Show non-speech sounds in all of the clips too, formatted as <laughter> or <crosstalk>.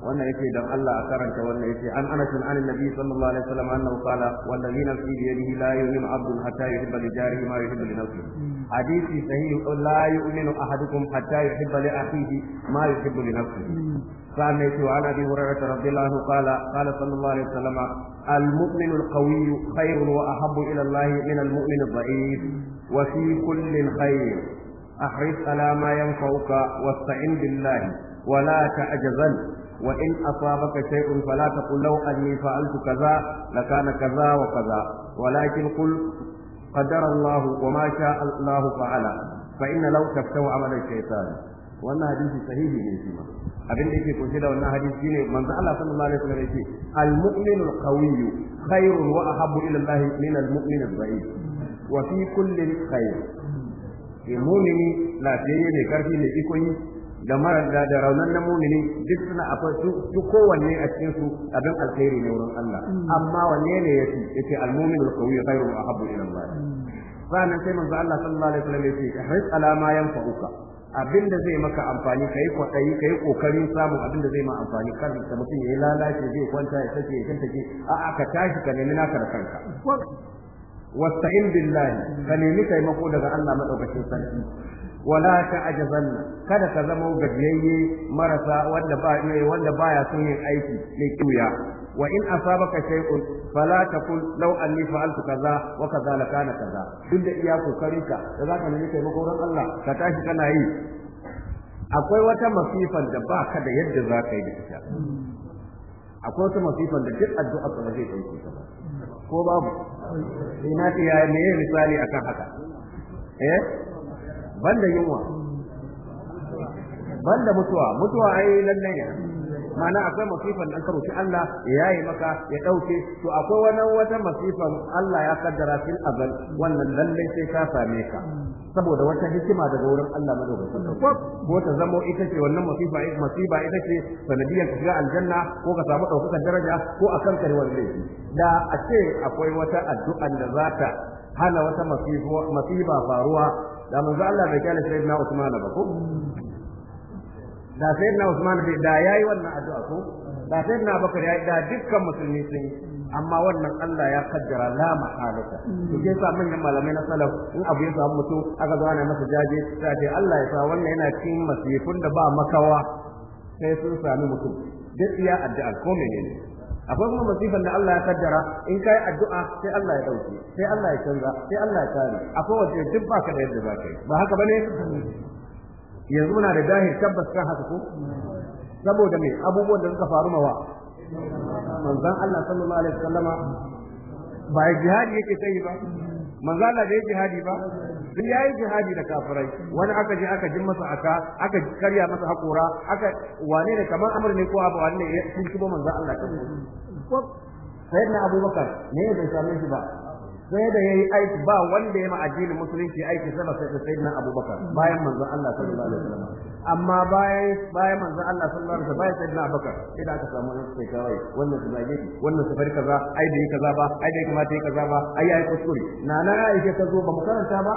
wannan yake dan Allah a karanta wannan yake an anas an annabi sallallahu alaihi wasallam annahu qala wal ladina fi yadihi la yu'minu abdun hatta yuhibba li jarihi ma yuhibbu li nafsihi hadisi sahih la yu'minu ahadukum hatta yuhibba li akhihi ma yuhibbu li nafsihi قال نيتي وعن ابي هريره رضي الله عنه قال قال صلى المؤمن القوي خير واحب الى الله من المؤمن الضعيف وفي كل خير احرص على ما ينفعك واستعن بالله ولا تعجزن وإن أصابك شيء فلا تقل لو أني فعلت كذا لكان كذا وكذا ولكن قل قدر الله وما شاء الله فعل فإن لو تفتوى عمل الشيطان وأن حديث صحيح من abin da yake kunshe da wannan hadisi ne manzo Allah sallallahu alaihi wasallam yake al-mu'min al-qawiy khairun wa ahabbu ila Allah min al-mu'min al-dha'if wa fi kulli khair mu'mini lafiyayye ne karfi ne iko yi da mara da da raunan na mumini duk suna a su su kowanne a cikin su abin alkhairi ne wurin Allah mm. amma wanne ne yafi yace al-mu'minu al qawi khairun ahabbu ila Allah mm. sannan sai manzo Allah sallallahu alaihi wasallam yace ihris ala ma yanfa'uka abinda zai maka amfani kai kwadayi kai kokarin samu abinda zai maka amfani kan da mutum yi lalace zai kwanta ya sake ya a a'a ka tashi ka nemi naka da kanka wasta'in billahi ka nemi taimako daga Allah madaukakin sarki wala ta'jazanna kada ka zama gajiyayye marasa wanda baya son yin aiki mai kiuya wa in asabaka shay'un fala taqul law anni fa'altu kaza wa kaza la kana kaza duk da iya kokarinka da zaka nemi taimako ran Allah ka tashi kana yi akwai wata masifan da ba ka da yadda za ka yi da ita akwai wata masifan da duk addu'a ka zai ɗauke ta ko babu ina ta yaya me misali akan haka eh? banda yunwa banda mutuwa mutuwa ai lallai ne ma'ana akwai masifan da karo shi Allah ya yi maka ya dauke to akwai wani wata masifan Allah ya kaddara fil azal wannan lallai sai ka same ka saboda wata hikima daga wurin Allah madaukakin ko ta zamo ita ce wannan masifa masiba ita ce sanadiyar ka shiga aljanna ko ka samu daukakar daraja ko akan karewar laifi da a ce akwai wata addu'an da za ta hana wata masifa faruwa da manzo Allah bai kyale sayyidina Usman ba ko da sayyidina Usman bai da yayi wannan addu'a ko da sayyidina Abubakar yayi da dukkan musulmi sun amma wannan Allah ya kaddara la mahalaka to je sa manyan malamai na salaf in abu ya samu mutum aka zo ana masa jaje sai ce Allah ya sa wannan yana cikin masifun da ba makawa sai sun sami mutum duk iya addu'a ko menene akwai kuma masifan da Allah ya kaddara in kai addu'a sai Allah ya dauke sai Allah ya canza sai Allah ya kare akwai wace duk ka da yadda zaka yi ba haka bane yanzu muna da dahil tabbas kan haka ko saboda me abubuwan da suka faru mawa manzon Allah sallallahu alaihi wasallama ba jihadi yake sai ba manzon Allah da jihadi ba duk yi jihadi da kafirai wani aka je aka jin masa aka aka karya masa haƙora aka wane ne kamar amur ne ko abu wane ne sun kuma manzo Allah ta sayyidina abubakar ne bai same shi ba sai da yayi aiki ba wanda ya ma addinin musulunci aiki sama sai na abubakar bayan manzan Allah sallallahu alaihi wasallam amma bayan bayan Allah sallallahu alaihi wasallam bayan na abubakar sai da aka samu wani sai kawai wannan su zage wannan su bari kaza ai da yi kaza ba ai da ya kamata yi kaza ba ai ai kuskure na na yi ta zo ba mu karanta ba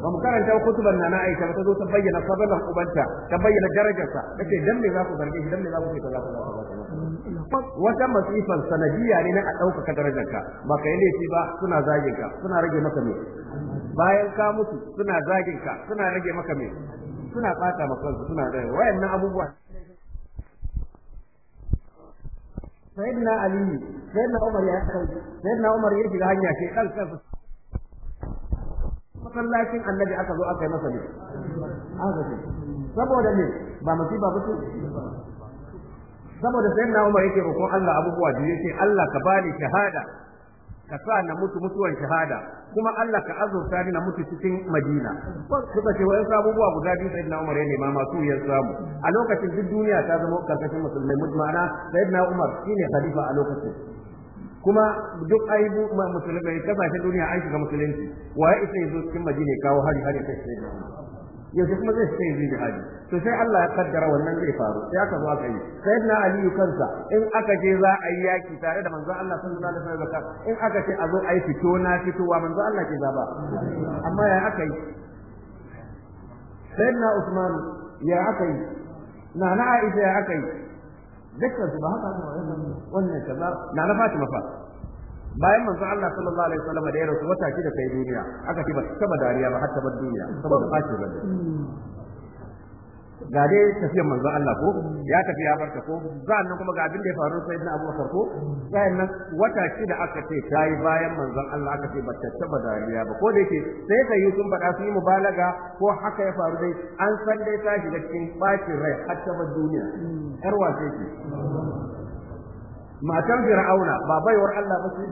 ba mu karanta kutuban na na aisha ta zo ta bayyana sabbin ubanta ta bayyana darajarsa kace dan me za ku zarge shi dan me za ku ce za kaza kaza wata masifan sanadiyya ne na a ɗaukaka darajarka ba ka yi laifi ba suna zagin ka suna rage maka me bayan ka mutu suna zagin ka suna rage maka me suna ɓata maka suna da wayannan abubuwa sayyidina ali sayyidina umar ya sayyidina umar ya shiga hanya sai kan kansa masallacin annabi aka zo aka yi masa ne saboda ne ba ci ba ce saboda sai na umar yake roƙon Allah abubuwa da yake Allah ka bani shahada ka sa na mutu mutuwan shahada kuma Allah ka azurta ni na mutu cikin Madina suka ce wayan abubuwa guda biyu sayyidina Umar ya nema masu ya samu a lokacin duk duniya ta zama karkashin musulmai mutmana sayyidina Umar shine khalifa a lokacin kuma duk aibu musulmai kasashen duniya an shiga musulunci waye isa yazo cikin madina kawo hari hari kai sai yanzu kuma zai sai zai jihadi to sai Allah ya kaddara wannan zai faru sai aka zo aka yi sayyidina ali kansa in aka je za a yi yaki tare da manzo Allah sallallahu alaihi wasallam in aka ce a zo a yi fito na fitowa manzo Allah ke zaba amma ya aka yi sayyidina usman ya aka yi na aisha ya aka yi dukkan su ba haka wannan kaza na na Fatima fa bayan manzo Allah sallallahu alaihi wasallam da ya rasu wata da kai duniya aka ce ba ta dariya ba har ta bar duniya saboda fashi ba ga dai tafiyar manzon Allah ko ya tafi ya barka ko nan kuma ga abin da ya faru sai na Abubakar ko nan wata da aka ce tayi bayan manzon Allah aka ce bata da dariya ba ko da yake sai ka yi sun faɗa su yi mubalaga ko haka ya faru dai an san dai ta shiga cikin bacin rai har ta duniya yar wace ce matan fir'auna ba baiwar Allah ba ce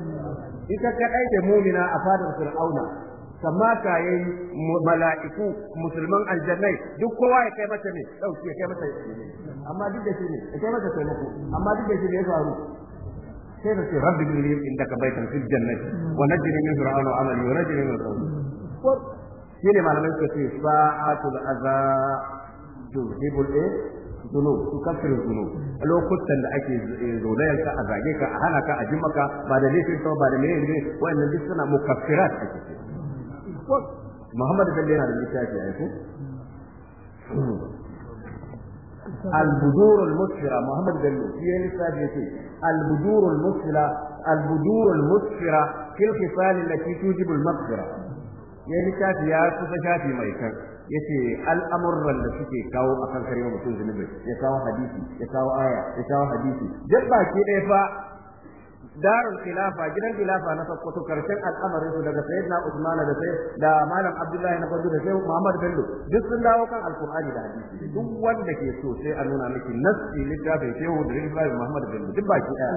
ita kadai da mumina a fadar fir'auna kamar ya yi mala'iku musulman aljannai duk kowa ya kai mata ne ɗauki ya kai mata amma duk da shi ne ya kai mata taimako amma duk da shi ne ya faru sai da ce rabbi ne yin inda ka baita fil jannati wa najini min fir'auna wa amali wa najini min ko shi ne malamai suka ce sa'atul adha tuhibul eh? zunub su kafirin zunub lokutan da ake eh, zolayar ka a zage ka a hana ka a jimaka ba da laifin ba da mai yanzu wa'annan duk suna mukaffirat ake ce Muhammad Bello yana da littafi ai ko البذور المسفرة محمد قال في الإسلام يقول البذور المسفرة البذور المسفرة في الخصال التي توجب المغفرة يعني كافي يا al'amuran da suke kawo a kan karewa mutum zunubi ya kawo hadisi ya kawo aya ya kawo hadisi baki ɗaya fa darul khilafa gidan khilafa na sakkwato karshen al'amarin su daga sayyidina Usman da malam Abdullahi na farko da sai Muhammad Bello duk dawo kan alqur'ani da hadisi duk wanda ke so a nuna miki nassi littafin Shehu da Ibrahim Muhammad Bello duk baki daya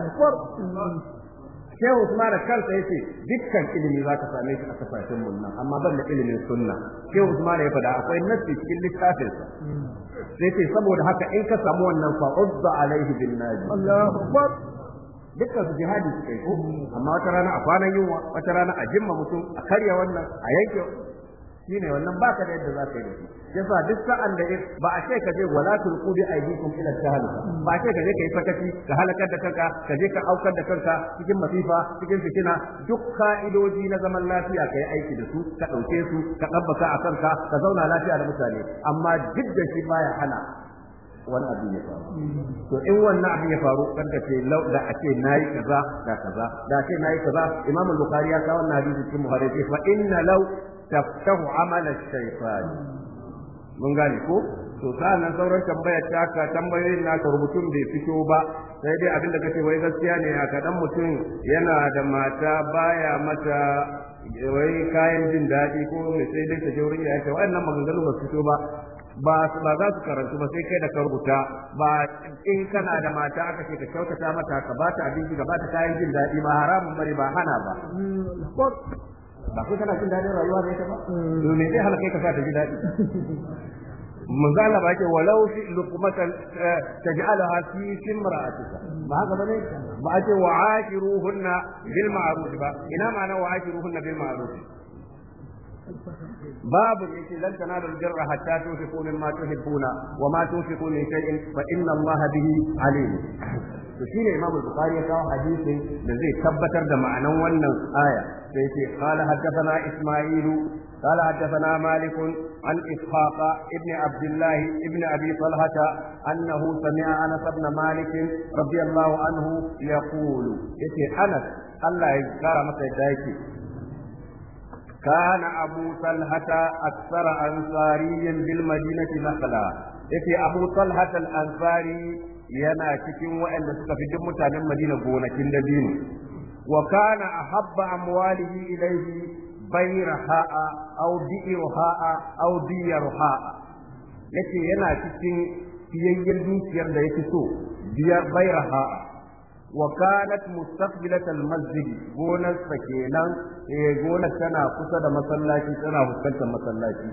Shehu Usman kansa yace dukkan ilimi zaka same shi a kasashen muna, nan amma ban da ilimin sunna Shehu Usman ya faɗa akwai nassi cikin littafin sa sai saboda haka in ka samu wannan fa'udda alaihi bin dukkan su jihadi su yi ko amma wata rana a kwanan yunwa wata rana a jimma mutum a karya wannan a yanke ne wannan baka da yadda za ka yi da shi yasa duk sa'an da ba a ce ka je wala tulqu bi aydikum ila tahalaka ba a ce ka ka yi fataki ka halakar da kanka ka je ka aukar da kanka cikin masifa cikin fitina duk ka'idoji na zaman lafiya ka yi aiki da su ka ɗauke su ka dabbaka a kanka ka zauna lafiya da mutane amma duk da shi baya hana wani abu ya faru to in wannan abu ya faru kan da ce lau da a ce nayi kaza da kaza da a ce nayi kaza Imam Bukhari ya kawo wannan hadisi cikin Bukhari ce fa inna law taftahu amal ash-shaytan mun gane ko to nan sauran tambayar taka tambayoyin naka rubutun bai fito ba sai dai abin da kace wai gaskiya ne a kadan mutum yana da mata baya mata wai kayan jin daɗi ko mai sai dai ta je wurin ya ce wa'annan maganganu ba su fito ba ba ba za su karantu ba sai kai da ka rubuta ba in kana da mata aka ce ka kyautata mata ka ba ta abinci ka ba ta kayan jin daɗi ba haramun bari ba hana ba ba kai tana jin daɗin rayuwa ne ta ba me zai hana kai ka sa ta ji daɗi manzo Allah ba yake walau fi luqmatan eh, taj'alaha fi simra'atika ba haka bane ba ake wa ashiruhunna bil ma'ruf ba ina ma'ana wa ashiruhunna bil ma'ruf babu yake lan tanalul birra hatta tunfiqu mimma tuhibbuna wa ma tunfiqu min shay'in fa inna Allaha bihi alim to shine Imam Bukhari ya kawo hadisin da zai tabbatar da ma'anan wannan aya sai ce qala Isma'ilu قال حدثنا مالك عن Abdullahi, ابن عبد الله ابن ابي طلحه انه سمع انس بن مالك رضي الله عنه يقول يتي انس الله يكرمك يدايك كان أبو طلحة أكثر أنصاري بالمدينة نخلا يتي أبو طلحة الأنصاري yana cikin waɗanda suka fi duk mutanen Madina gonakin da dini wa kana ahabba amwalihi ilayhi bayraha aw bi'ruha aw ha'a, yace yana cikin fiyayyen dukiyar da yake so biyar ha'a. وكانت مستقبلة المسجد غونة سكينة غونة سنة قصد مسلاتي سنة حسنة مسلاتي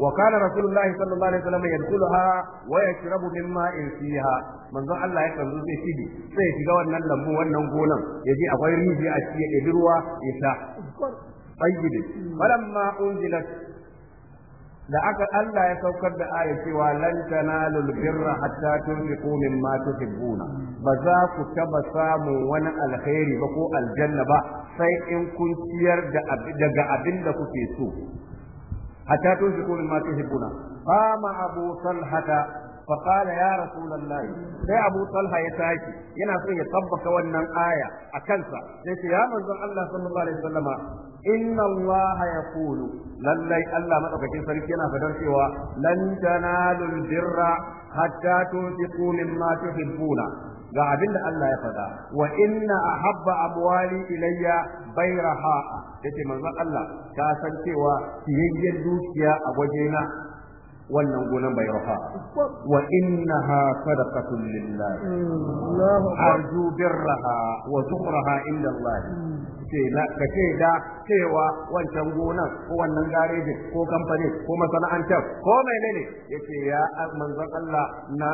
وكان رسول الله صلى الله عليه وسلم يدخلها ويشرب من ماء فيها manzon Allah ya kanzu zai shige sai ya shiga wannan lambu wannan gonan ya je akwai rijiya a cikin ya ruwa ya sha tayyib falamma unzilat da aka Allah ya saukar da aya cewa lan tanalul birra hatta tunfiqu mimma tuhibbuna ba za ku taba samun wani alkhairi ba ko aljanna ba sai in kun ciyar daga abin da kuke so hatta tunfiqu mimma tuhibbuna ma abu talhata فقال يا رسول الله sai Abu Talha ya tashi yana son ya tabbaka wannan aya a kansa sai ce ya manzon Allah sallallahu alaihi wasallama inna Allah yaqulu lallai Allah madaukakin sarki yana fadar cewa lan tanalul birra hatta tunfiqu mimma tuhibbuna ga abin da Allah ya faɗa wa inna ahabba abwali ilayya bayraha yace manzon Allah ka san cewa kiyayyen dukiya a na wannan gonan bai rafa wa innaha sadaqatun lillah arju birraha wa zukhraha inda Allah ka ce da cewa wancan gonan ko wannan garejin ko kamfani ko masana'antar ko mai ne yace ya manzon Allah Na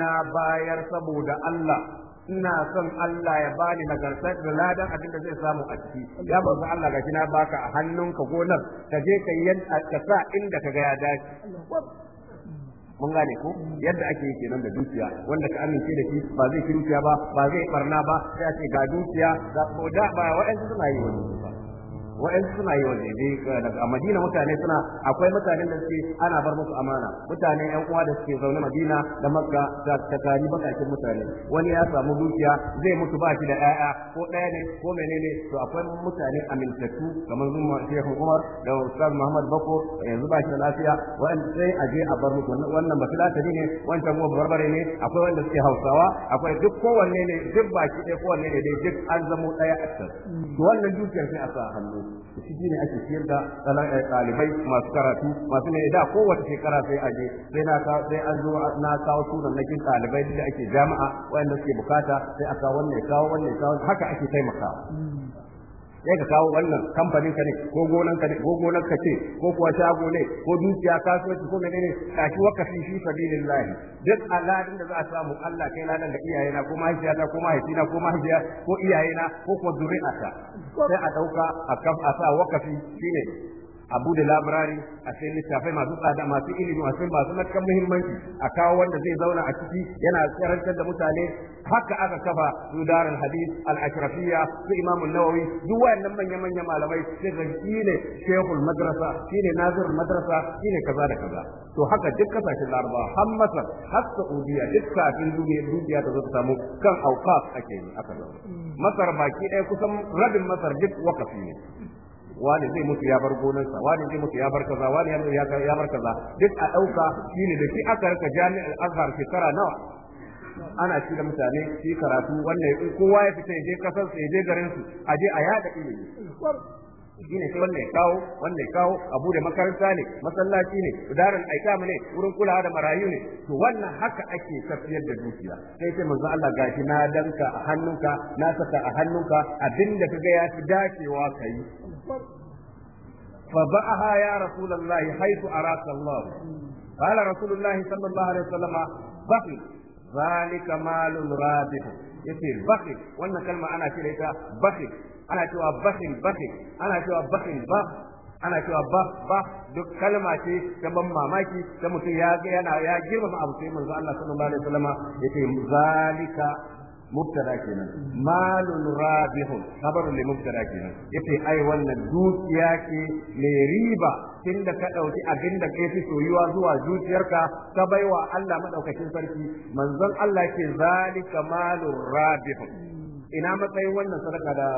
na bayar saboda Allah ina son Allah ya bani nagartar da ladan abin da zai samu a ciki ya bazu Allah gashi na baka a hannunka gonar ka je ka yi ka sa inda ka ga ya dace mun gane ko yadda ake yi kenan da dukiya wanda ka amince da shi ba zai shi dukiya ba ba zai barna ba sai a ce ga dukiya da ba waɗansu suna yi wani ba wa'in suna yi waje dai eh, a Madina mutane suna akwai mutanen da suke ana bar musu amana mutane yan uwa da suke zaune Madina da Makka da tsakani bakakin mutane wani ya samu dukiya zai mutu ba shi da ƴaƴa ko ɗaya ne ko menene to akwai mutane amintattu kamar zuma Shehu Umar da Ustaz Muhammad Bako yanzu ba shi da lafiya wa'in sai a je a bar musu wannan ba filatani ne wancan kuma barbare ne akwai wanda suke Hausawa akwai duk kowanne ne duk baki ɗaya kowanne ne dai duk an zamo ɗaya a can to wannan dukiyar sai a sa hannu shi ne ake siyar da eh, ɗalibai masu karatu masu ne da kowace shekara sai a je sai na kawo sai an zo na kawo sunan na kin ɗalibai da ake jami'a wanda suke bukata sai a kawo wannan kawo wannan kawo haka ake taimakawa sai ka kawo wannan kamfanin ka ne ko gonan ka ne ko gonan ka ce ko kuwa shago ne ko dukiya kasuwanci ko ne menene kashi wakafi fi sabilillah duk aladin da za a samu Allah kai dan da iyaye na ko mahaifiya ta ko mahaifi na ko mahaifiya ko iyaye na ko kuwa zuri'ata sai a dauka a kafa a sa wakafi shine a bude labirari a sai littafai masu tsada masu ilimi masu masu matakan muhimmanci a kawo wanda zai zauna a ciki yana karantar da mutane haka aka kafa su darul al ashrafiyya su imamu nawawi duk wayannan manya manya malamai sai ga shine shehul madrasa shine nazirul madrasa shine kaza da kaza to haka duk kasashen larabawa har masar har saudiya duk kafin duniya duniya ta zo ta samu kan auqaf ake yi aka masar baki ɗaya kusan rabin masar duk wakafi ne wani zai mutu ya bar gonarsa wani zai mutu ya bar kaza wani ya bar kaza duk a ɗauka shine da shi aka rika jami'ar azhar shekara nawa ana shi da mutane shi karatu wannan kowa ya fita ya je kasar ya je garin su a je a yada ilimi shi ne sai wannan ya kawo wannan ya kawo abu da makaranta ne masallaci ne darin mu ne wurin kulawa da marayu ne to wannan haka ake tafiyar da dukiya sai sai manzo Allah gashi na danka a hannunka na saka a hannunka abinda kaga ya fi dacewa kai فبعها يا رسول الله حيث أراك الله قال رسول الله صلى الله عليه وسلم بقي ذلك مال رابح يصير بخل وأن كلمة انا شريكة بخل انا شوى بخل بخل انا شوى بخل بخل ana cewa ba ba duk kalma ce ta ban mamaki ta mutum ya ga yana ya girmama abu sai manzo Allah sallallahu alaihi wasallam yace zalika mubtada kenan malun rabihun khabarun li mubtada kenan yace ai wannan dukiya ce mai riba tunda ka ɗauki abin da kai fi soyuwa zuwa zuciyarka ka baiwa Allah madaukakin sarki manzon Allah ke zalika malun rabihun ina matsayin wannan sadaka da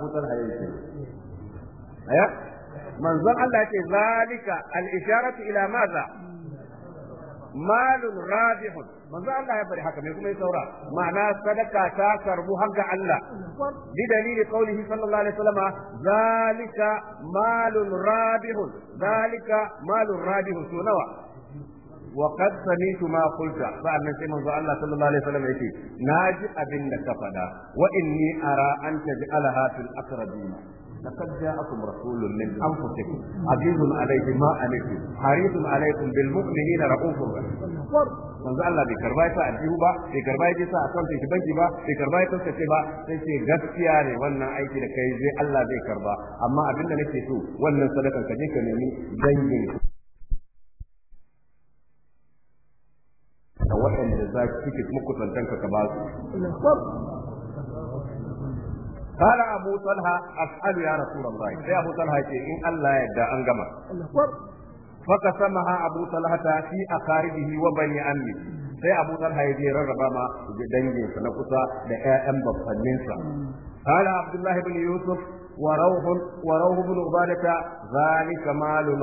Abu Talha yake eh? aya Allah ce zalika al-isharatu ila maza malun rabihun manzo Allah ya bari haka me kuma ya saura ma'ana sadaka ta karbu har ga Allah bi dalili qaulihi sallallahu alaihi wasallam zalika malun rabihun zalika malun rabihun so nawa وقد سمعت ما قلت فأنا سيما الله صلى الله عليه وسلم يقول ناجي أبن كفدا وإني أرى أن تجعلها في الأقربين لقد جاءكم رسول من انفسكم عزيز عليه ما عليكم حريص عليكم بالمؤمنين رؤوف رحيم manzo Allah bai karba ta aljihu ba bai karba ya sa akan sai banki ba bai karba ya kaskace ba sai ce gaskiya ne wannan aiki da kai zai Allah zai karba amma abinda da nake so wannan sadakan ka je ka nemi dangin da waɗanda za ki kike muku ka basu? قال أبو طلحة أسأل يا رسول الله an gama, طلحة إن الله يدى أن قمع فقسمها أبو طلحة في أقاربه وبني أمه sai abu dan haidi rarraba ma da dangin na kusa da ƴaƴan babbannin sa qala abdullahi ibn yusuf wa rawhun wa rawhu ibn ubadata zalika malun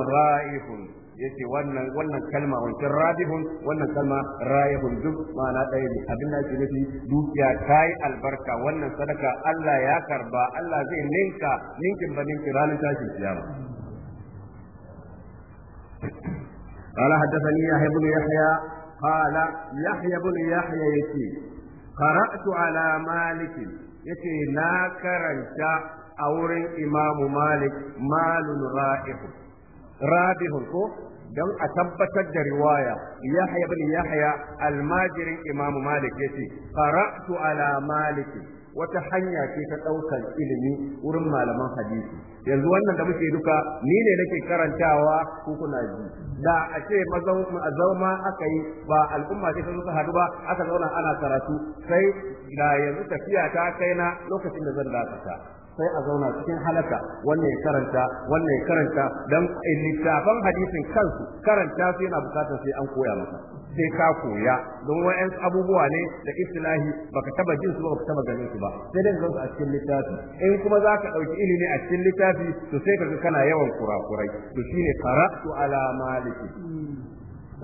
yace wannan wannan kalma wancan radihun wannan kalma rayihun duk ma'ana ɗaya ne abin da nufi dukiya kai albarka wannan sadaka Allah ya karba Allah zai ninka ninkin ba ninkin ranar tashin kiyama قال حدثني يحيى بن يحيى قال يحيى بن يحيى يتي قرأت على مالك يتي لا كرنت أورن إمام مالك مال رائح رابح don a tabbatar da riwaya yahya bin yahya almajirin imam malik yace qara'tu ala malik wata hanya ce ta ɗaukar ilimi wurin malaman hadisi yanzu wannan da muke duka ni ne nake karantawa ku kuna ji da a ce mazauma aka yi ba al'umma ce ta zuka hadu ba aka zauna ana karatu sai da yanzu tafiya ta kai na lokacin da zan dakata sai a zauna cikin halaka wannan ya karanta wannan ya karanta dan littafan hadisin kansu karanta su yana bukatar sai an koya maka sai ka koya don wayan abubuwa ne da islahi baka taba jin su baka taba ganin su ba sai dai zan a cikin littafi in kuma zaka ɗauki ilimi a cikin littafi to sai ga kana yawan kurakurai to shine karatu ala maliki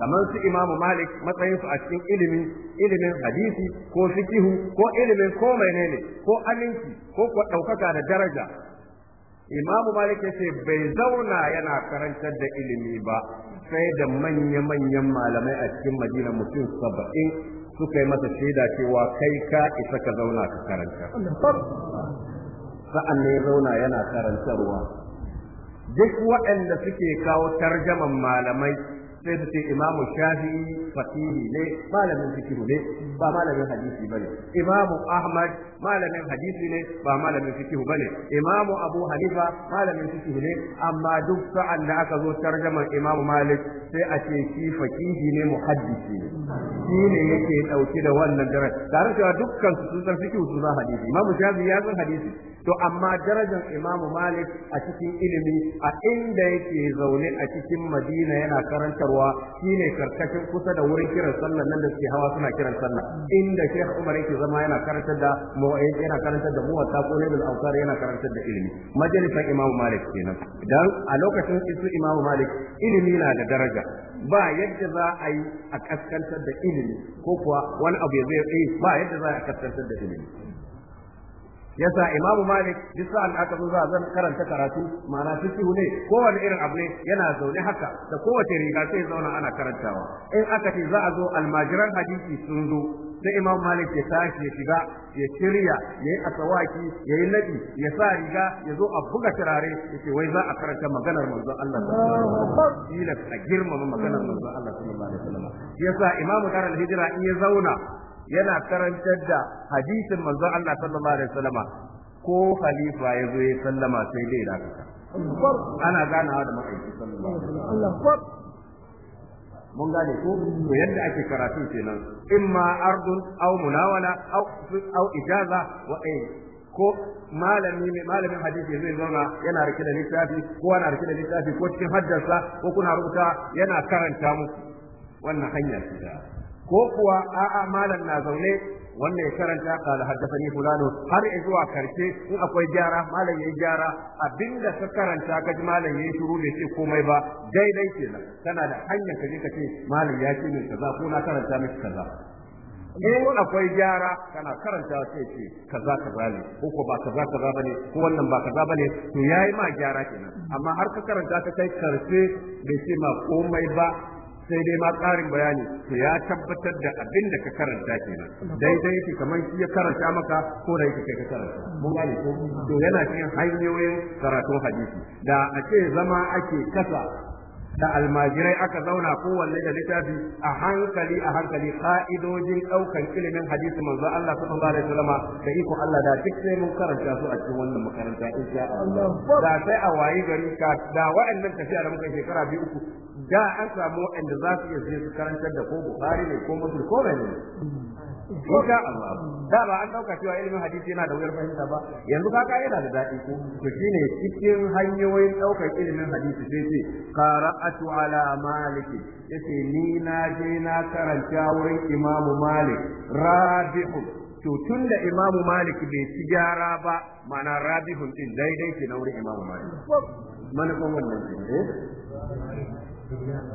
kamar su imamu malik matsayin su a cikin ilimin ilimin hadisi ko fikihu ko ilimin ko menene ko aminci ko kuwa daukaka da daraja imamu malik ce bai zauna yana karantar da ilimi ba sai da manya-manyan malamai a cikin madina mutum saba'in suka yi masa shaida cewa kai ka isa ka zauna ka karanta sa'an ne zauna yana karantarwa duk waɗanda suke kawo tarjaman malamai sai su ce imamu shafi'i Fakihi ne malamin fikiru ne ba malamin hadisi bane imamu ahmad malamin hadisi ne ba malamin fikiru bane imamu abu hanifa malamin fikiru ne amma duk sa'an da aka zo tarjaman imamu malik sai a ce shi fakihi ne muhaddisi ne shi ne yake dauke da wannan daraja tare da dukkan su sun san fikiru su hadisi imamu Shafi ya san hadisi to amma darajar Imam Malik a cikin ilimi a inda yake zaune a cikin Madina yana karantarwa shine karkashin kusa da wurin kiran sallah nan da suke hawa suna kiran sallah inda Sheikh Umar yake zama yana karantar da mu yana karantar da muwatta ko ne da yana karantar da ilimi majalisar Imam Malik kenan dan a lokacin isu Imam Malik ilimi na da daraja ba yadda za a yi a kaskantar da ilimi ko kuwa wani abu ya zai ba yadda za a kaskantar da ilimi yasa imamu malik duk sa'an aka zo za zan karanta karatu ma'ana fiqh ne kowane irin abu ne yana zaune haka da kowace riga sai zauna ana karantawa in aka ce za a zo almajiran hadisi sun zo sai imamu malik ya tashi ya shiga ya shirya ya yi asawaki ya yi naɗi, ya sa riga ya zo a buga turare ya ce wai za a karanta maganar manzo Allah sallallahu a girmama maganar Allah sallallahu alaihi wasallam yasa imamu darul hijira in ya zauna yana karantar da hadisin manzon Allah sallallahu alaihi wasallama ko khalifa ya zo ya sallama sai dai dakata ana ganawa da ma'aiki sallallahu alaihi wasallam mun gane ko to yadda ake karatu kenan imma ardun aw munawala aw aw ijaza wa ko malami ne malamin hadisi zai zauna yana rike da littafi ko yana rike da littafi ko cikin haddarsa ko kuna rubuta yana karanta muku wannan hanya ce ko kuwa a'a malam na zaune wannan ya karanta qala haddathani fulano har zuwa karshe in akwai gyara malam yayi gyara abinda ka karanta ka ji malam yayi shiru bai ce komai ba daidai kenan kana da hanyar ka je ka ce malam ya ce kaza ko na karanta miki kaza in akwai gyara kana karanta sai ce kaza kaza ne ko ko ba kaza kaza bane ko wannan ba kaza bane to yayi ma gyara kenan amma har ka karanta ka kai karshe bai ce ma komai ba sai dai ma tsarin bayani to ya tabbatar da abin da ka karanta kenan daidai yake kamar shi ya karanta maka ko da yake kai ka karanta mun gane ko to yana cikin hanyoyin karatun hadisi da a zama ake kasa da almajirai aka zauna kowanne da littafi a hankali a hankali ka'idojin daukan ilimin hadisi manzo Allah sallallahu alaihi wasallama da iko Allah da duk sai mun karanta su a cikin wannan makaranta insha Allah da sai a wayi gari ka da wa'annan tafiya da muka shekara biyu uku da an samu wa'anda za su iya su karantar da ko Bukhari ne ko Muslim ko ne insha Allah da ba an dauka cewa ilimin hadisi yana da wuyar fahimta ba yanzu ka kai yana da dadi ko to shine cikin hanyoyin ɗaukar ilimin hadisi sai ce qara'atu ala Maliki. Ya yace ni na je na karanta wurin imamu malik rabi'u to tun da imamu malik bai ci gyara ba mana rabihun ɗin daidai ke na wurin imamu malik manufan wannan ne eh?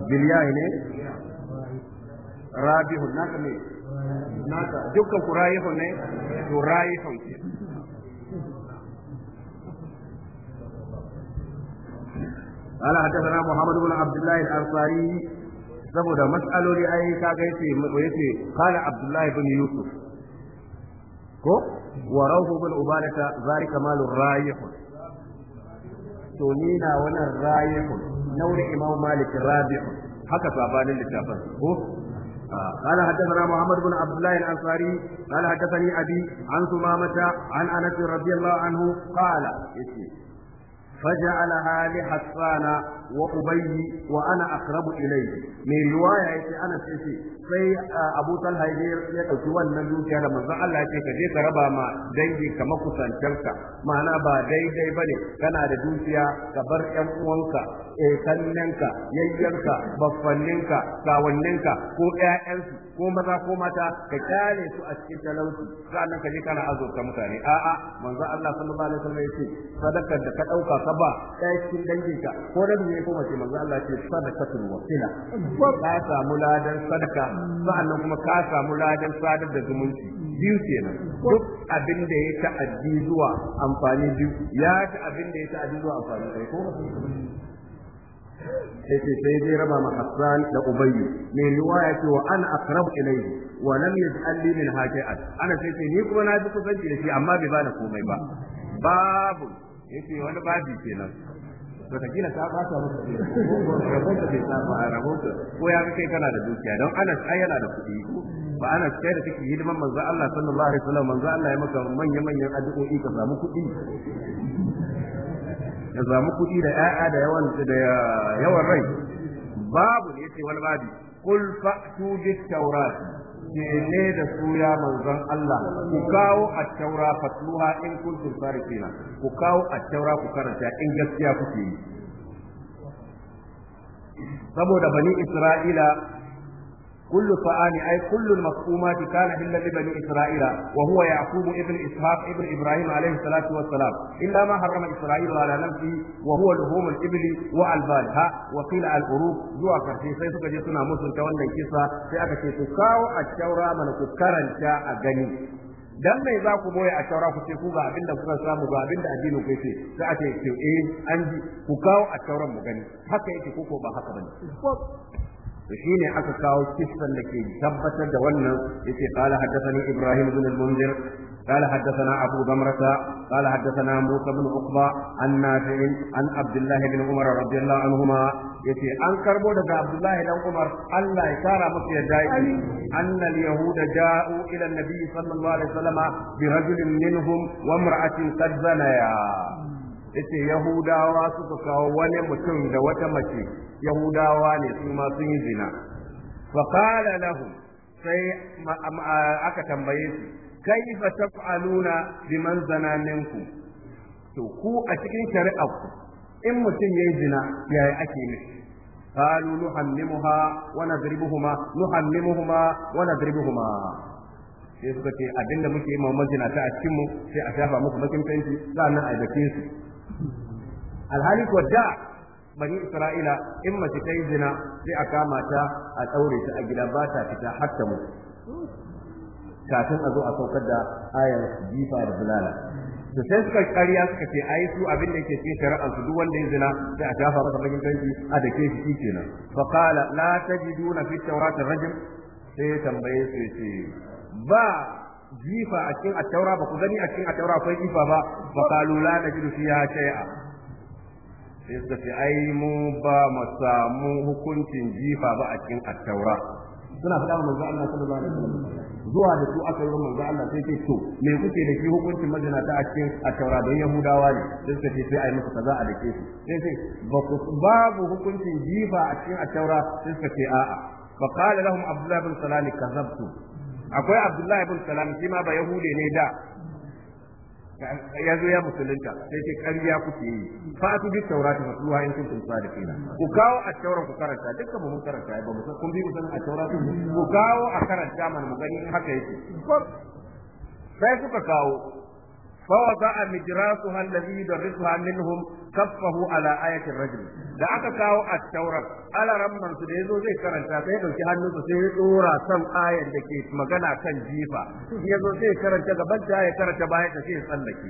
biliyahi ne rabihun naka ne naka dukkan ku rayihun ne to rayihun ke قال حدثنا محمد بن عبد الله الأنصاري saboda matsaloli ai kaga yace yace qala abdullah ibn yusuf ko wa rawhu bin ubadata zalika malur rayih to ni na wannan rayih nauri imam malik rabih haka sabanin littafin ko قال حدثنا محمد بن عبد الله الانصاري قال حدثني ابي عن ثمامه عن انس رضي الله عنه قال فجعلها لحسان wa ubayyi wa ana aqrabu ilayhi mai riwaya yake ana sai sai Abu Talha ya dauki wannan dukiya da manzon Allah yake ka je ka raba ma dangi ka makusantanka ma'ana ba daidai bane kana da dukiya ka bar ƴan uwanka eh kannenka yayyanka baffanninka kawanninka ko ƴaƴansu ko maza ko mata ka kyale su a cikin talauci sannan ka je kana azurta mutane a'a manzon Allah sallallahu alaihi wasallam yace sadakar da ka dauka ka ba ɗaya cikin danginka ko rabin ne ko mace manzo Allah ce sadaqatul wasila ka samu ladan sadaka sa'annan kuma ka samu ladan sadar da zumunci biyu kenan duk abin da ya ta'addi zuwa amfani biyu ya ta abin da ya ta'addi zuwa amfani ɗaya ko ce sai zai raba ma Hassan da Ubay ne riwaya ce wa ana aqrab ilayhi wa lam yaj'al li min haqi'at ana sai ce ni kuma na ji kusanci da shi amma bai bani komai ba babu yace wani babi kenan wataƙila ta ɓata masa rabonta bai samu a ko ya kai kana da dukiya don anas ai yana da kuɗi ba anas kai da kake hidiman manzo Allah sallallahu alaihi wasallam manzo Allah ya maka manya manyan addu'o'i ka samu kuɗi ya samu kuɗi da ƴaƴa da yawan da yawan rai babu ne yace wani babi qul fa'tu bit tawrat ne da suya manzon Allah ku kawo a taura fatluha in kuntum sarifina ku kawo a taura ku karanta in gaskiya kuke yi saboda bani Isra'ila كل طعام أي كل المصومات كان إلا لبني إسرائيل وهو يعقوب ابن إسحاق ابن إبراهيم عليه الصلاة والسلام إلا ما حرم إسرائيل على نفسه وهو لحوم الإبل والبالها وقيل الأروب زوا كرشي sai suka je suna musunta wannan kisa sai aka ce ku kawo a taura mana ku karanta a gani dan mai za ku boye a taura ku ce ku ga abinda kuka samu ga abinda addini ku ce sai a ce eh an ji ku kawo a tauran mu gani haka yake ko ba haka bane shine aka kawo kissan da ke tabbatar da wannan yace qala haddathani ibrahim ibn al-munzir قال حدثنا أبو ضمرة قال حدثنا موسى بن عقبة عن نافع عن عبد الله بن عمر رضي الله عنهما يتي أن كربو عبد الله بن عمر الله يسارى مصر دائما أن اليهود جاءوا إلى النبي صلى الله عليه وسلم برجل منهم وامرأة قد زنيا yace yahudawa suka kawo wani mutum da wata mace yahudawa ne su ma sun yi zina fa qala sai aka tambaye su kaifa taf'aluna biman zana minku to ku a cikin shari'a ku in mutum yayi zina yayi ake mishi قالوا نحممها ونضربهما نحممهما ونضربهما sai suka ce abinda muke yi ta a cikinmu sai a shafa muku bakin fenti sannan a dake su alhali ko da bani isra'ila in mace ta yi zina sai a kama ta a ɗaure ta a gida ba ta fita har ta mutu kafin a zo a saukar da ayar jifa da bulala to sai suka karya suka ce ai su abin da yake cikin shari'ar su duk wanda ya zina sai a shafa masa bakin kanki a dake shi shikenan fa qala la tajiduna fi tawrat rajul sai tambaye su ce ba jifa a cikin attaura ba ku gani a cikin attaura akwai jifa ba fa qalu la najidu fiha shay'a sai suka ce ai mu ba mu samu hukuncin jifa ba a cikin attaura suna faɗa wa manzo Allah sallallahu alaihi wasallam zuwa da su aka yi manzo Allah sai ce to me kuke da shi hukuncin ta a cikin attaura don Yahudawa ne sai suka ce sai ai musu kaza a dake su sai sai babu hukuncin jifa a cikin attaura sai suka ce a'a فقال لهم عبد الله بن سلام كذبتم akwai abdullahi bin salam shi ma ba yahude ne da ya zo ya musulunta sai ce ƙarya kuke yi fa su bi taurata fa suwa in kuntum sadiqina ku kawo a tauran ku karanta dukkan mu mun karanta ba mu san kun bi mu san a taurata ku kawo a karanta mana mu gani haka yake sai suka kawo فوضع مجراسها الذي يدرسها منهم كفه على آية الرجل da aka kawo a taurar alaran mansu da zo zai karanta sai dauki hannunsa sai ya dora san ayan da ke magana kan jifa yazo sai karanta gaban ta ya karanta baya ta sai tsallake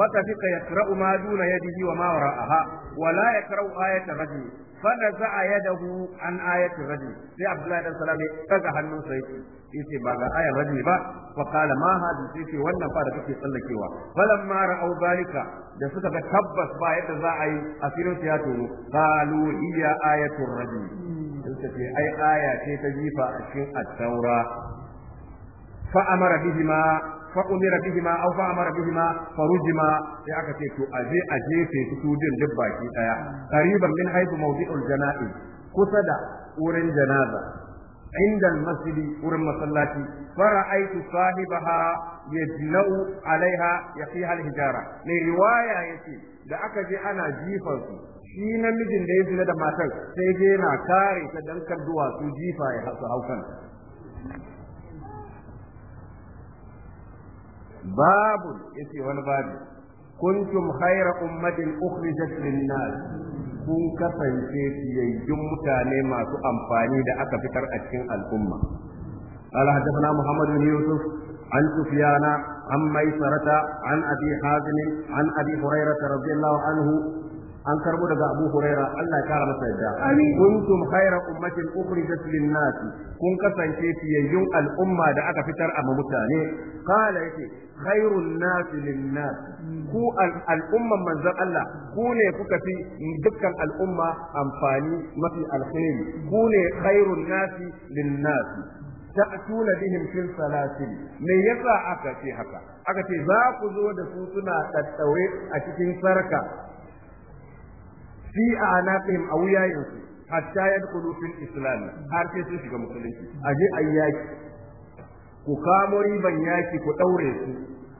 fata fika yakra'u ma duna yadihi wa ma wara'aha wa la yakra'u ayatan rajul فنزع يده عن آية الرجم سي عبد الله بن سلام daga hannun sa yake yace ba ga ayar rajmi ba fa qala ma hadu sai wannan fa da kake tsallakewa falamma ra'au zalika da suka ga tabbas ba yadda za a yi asirin su ya tono qalu hiya ayatul rajmi sai ce ai aya ce ta jifa a cikin at-taura fa amara bihima fa umira bihima aw fa amara bihima fa rujima aka ce to aje aje sai su din duk baki daya qariban min haythu mawdi'ul jana'iz kusa da wurin janaza masallaci. المسجد ورم مصلاتي alaiha ya fi عليها يقيها الحجارة لرواية ce da aka je ana jifan su shi namijin da ya zina da matar sai je na kare ta dan kar duwatsu jifa ya haukan babu yace wani babu kuntum khayra ummatin ukhrijat lin-nas kun kasance fiyayyun mutane masu amfani da aka fitar a cikin al'umma Allah قال حدثنا محمد بن an عن سفيان عن ميسرة عن أبي حازم عن أبي هريرة رضي الله Anhu, an karbo daga Abu Huraira Allah ya kara masa yadda Kun kuntum khayra ummatin ukhrijat lin nas kun kasance fiyayyun al'umma da aka fitar a mutane qala yake khairun nasi linnas ku al'umman manzon Allah ku ne kuka fi dukkan al'umma amfani mafi alkhairi ku ne khairun nasi linnas ta'tuna bihim fil salasil me yasa aka ce haka aka ce za ku zo da su suna tattaure a cikin sarka fi anaqihim a wuyayensu hatta yadkhulu fil islam har sai sun shiga musulunci aje ayyaki ku kamo riban yaki ku ɗaure su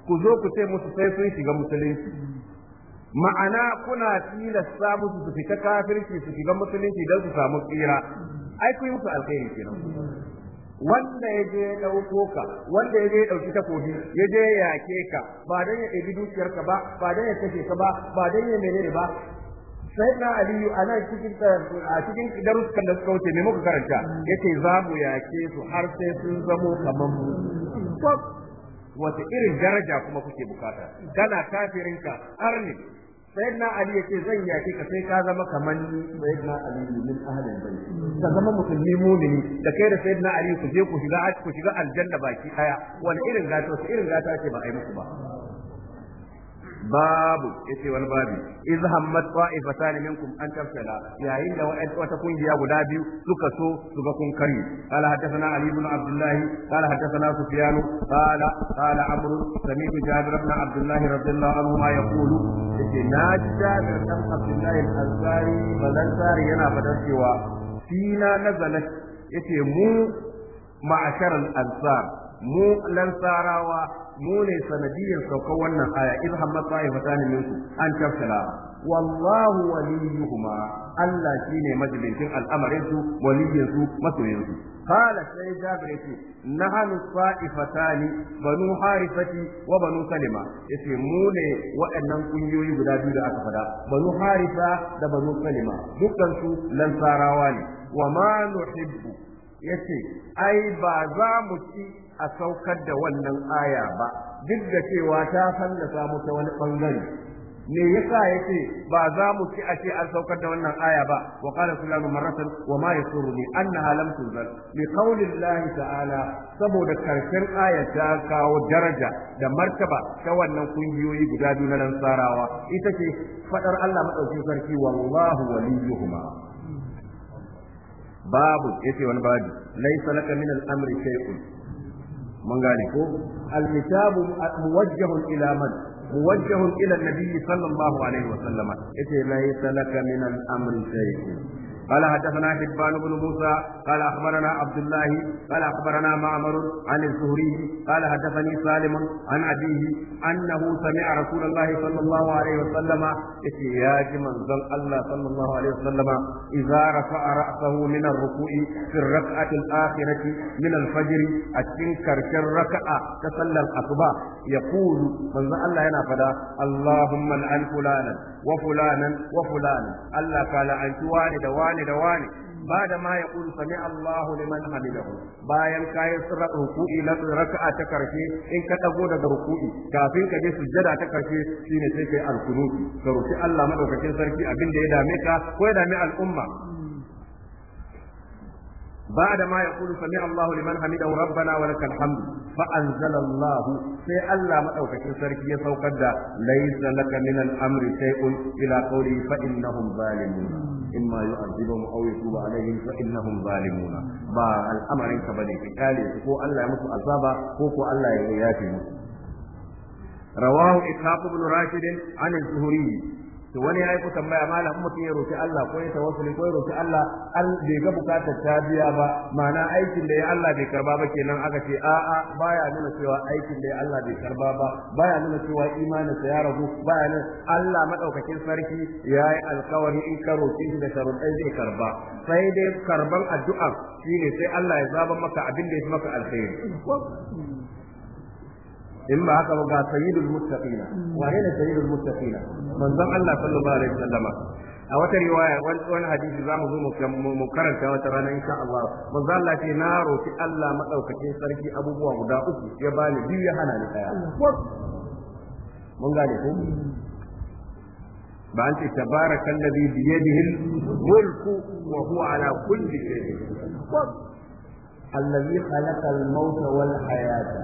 ku zo ku ce musu sai sun shiga musulunci ma'ana kuna tilasta musu su fita kafirci su shiga musulunci don su samu tsira ai ku yi musu alkhairi kenan wanda ya je ya ɗauko ka wanda ya je ya ɗauki takobi ya je ya yake ka ba don ya ɗabi dukiyarka ba ba don ya kashe ka ba ba don ya menene ba sai na aliyu a nan cikin a cikin daruskan da suka wuce me muka karanta yace za mu yake su har sai sun zamo kamar mu wata irin daraja kuma kuke bukata kana kafirinka arni sayyidina ali ce zan yaki ka sai ka zama kaman sayyidina ali min ahlul bait ka zama musulmi mu'mini da kai da sayyidina ali ku je ku shiga ku shiga aljanna baki daya wani irin gata wasu irin gata ce ba ai muku ba babu ya ce wani babu iz hammat qa'ifatan minkum an tafsala yayin da wata kungiya guda biyu suka so su ga kun kare qala hadathana ali ibn abdullah qala hadathana sufyan qala qala amr sami'tu jabir ibn abdullah radhiyallahu anhu ma yaqulu yace ji jabir ibn abdullah al-ansari balansari yana fadar cewa fina nazalat yace mu ma'ashar al-ansar mu lansarawa mu ne sanadiyan saukar wannan aya idh hammat ne minkum an tafsala wallahu waliyuhuma Allah shine majalisin al'amarin su waliyin su masoyin su qala sai jabir yace nahnu ta'ifatan banu harifati wa banu kalima yace mu ne waɗannan kungiyoyi guda biyu da aka fada banu harifa da banu kalima dukkan su lansarawa ne wa ma nuhibbu yace ai ba za mu ci a saukar da wannan aya ba duk da cewa ta fallasa mu ta wani bangare me yasa yake ba za mu ci a ce an saukar da wannan aya ba wa qala sallallahu marratan wa ma yasurni annaha lam tunzal li qawli llahi ta'ala saboda karshen aya ta kawo daraja da martaba ta wannan kungiyoyi guda biyu na ransarawa ita ce fadar Allah madauki sarki wallahu waliyuhuma babu yace wani babu laysa laka min al-amri shay'un mun gane ko al-kitabu muwajjahun ila man muwajjahun ila an-nabi sallallahu alaihi wa sallama yace laysa laka min al قال حدثنا حبان بن موسى قال اخبرنا عبد الله قال اخبرنا معمر عن الزهري قال حدثني سالم عن ابيه انه سمع رسول الله صلى الله عليه وسلم يا من زل الله صلى الله عليه وسلم اذا رفع راسه من الركوع في الركعه الاخره من الفجر اتنكر كالركعه تصلى الاصبع يقول من زل الله ينا فدا اللهم لعن فلانا وفلانا وفلانا الله قال انت واني دواني wane da wane ba da ma ya kulu sami Allahu liman hamidahu bayan sura ruku'i na raka'a ta karshe in ka dago daga ruku'i kafin ka je sujjada ta karshe shine sai kai alkunuti ka roki Allah madaukakin sarki abin da ya dame ka ko ya dame al'umma بعد ما يقول سمع الله لمن حمده ربنا ولك الحمد فأنزل الله سي الله ما أوكي سركي يسوقد ليس لك من الأمر شيء إلى قوله فإنهم ظالمون إما يعذبهم أو يتوب عليهم فإنهم ظالمون با الأمر كبني كالي كو الله يمسو أصابا كو الله يهياتي رواه إسحاق بن راشد عن الزهري to wani ya yi kusan mai amana in mutum ya roƙi Allah ko ya tawassuli ko ya roƙi Allah an bai ga bukatar ta biya ba ma'ana aikin da ya Allah bai karba ba kenan aka ce a'a baya nuna cewa aikin da ya Allah bai karba ba baya nuna cewa imanin sa ya ragu baya nuna Allah madaukakin sarki ya yi alkawari in ka roki shi da sharuɗai zai karba sai dai karban addu'a shine sai Allah ya zaba maka abin da ya maka alkhairi in ba haka ba ga sayyidul muttaqina wane ne sayyidul muttaqina manzon Allah sallallahu alaihi wasallama a wata riwaya wani hadisi za mu zo mu karanta wata rana insha Allah manzon Allah ce na roki Allah madaukakin sarki abubuwa guda uku ya bani biyu ya hana ni daya mun gane ko ba an ce tabarakallazi biyadihi mulku wa huwa ala kulli shay'in allazi khalaqal mauta wal hayata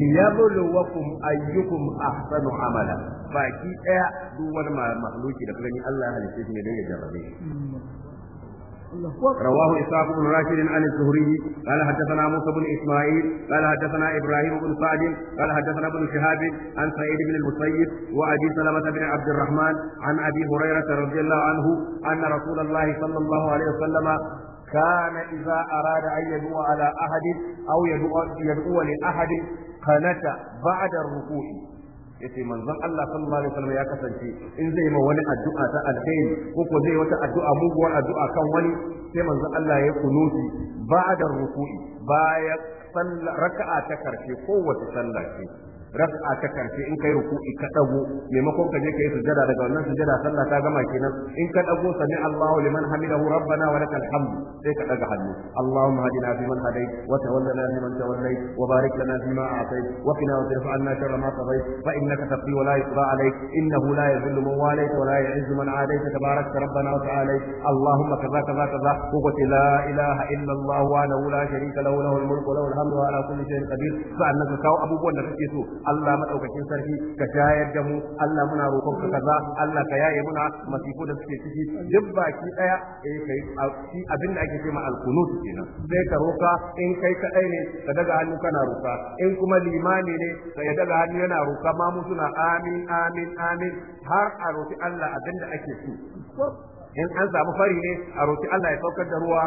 liyabluwakum ayyukum ahsanu amala baki daya duk wani makhluki da gani Allah ya halice shi ne don ya jarrabe shi رواه إسحاق بن راشد عن الزهري قال حدثنا موسى بن إسماعيل قال حدثنا إبراهيم بن سعد قال حدثنا ابن شهاب عن سعيد بن المسيب وأبي سلمة بن عبد الرحمن عن أبي هريرة رضي الله عنه أن رسول الله صلى الله عليه وسلم كان إذا أراد أن يدعو على أحد أو يدعو, يدعو لأحد قنت بعد الركوع yace manzon Allah sallallahu alaihi wasallam ya kasance in zai ma wani addu'a ta alheri ko ko zai wata addu'a muguwar addu'a kan wani sai manzon Allah ya kunuti ba'da ruku'i baya sallah raka'a ta karshe kowace sallah ce raka'a ta karshe in kai ruku'i ka dago maimakon ka je kai sujada daga wannan sujada sallah ta gama kenan in ka dago sami Allahu liman hamidahu rabbana wa lakal hamd sai ka daga hannu Allahumma hadina fi man hadait wa tawallana fi man tawallait wa barik lana fi ma a'tait wa qina wa sirf anna sharra ma qadait fa innaka taqdi wa la yuqda alayk innahu la yadhillu man walayta wa la yu'izzu man adayta tabarakta rabbana wa ta'ala Allahumma kaza kaza kaza wa la ilaha illa Allah wa la sharika lahu lahu al-mulku wa lahu al-hamdu wa ala kulli shay'in qadir sa'an ka kawo abubuwan da kake so Allah madaukakin sarki ka shayar da mu Allah muna roƙon ka kaza Allah ka yaye muna masifu da suke ciki duk baki daya eh kai shi abinda ake cewa al-qunut kenan sai ka roƙa in kai ka ne ka daga hannu kana roƙa in kuma limani ne ka ya daga hannu yana roƙa ma mu suna amin amin amin har a roki Allah abinda ake so in an samu fari ne a roki Allah ya saukar da ruwa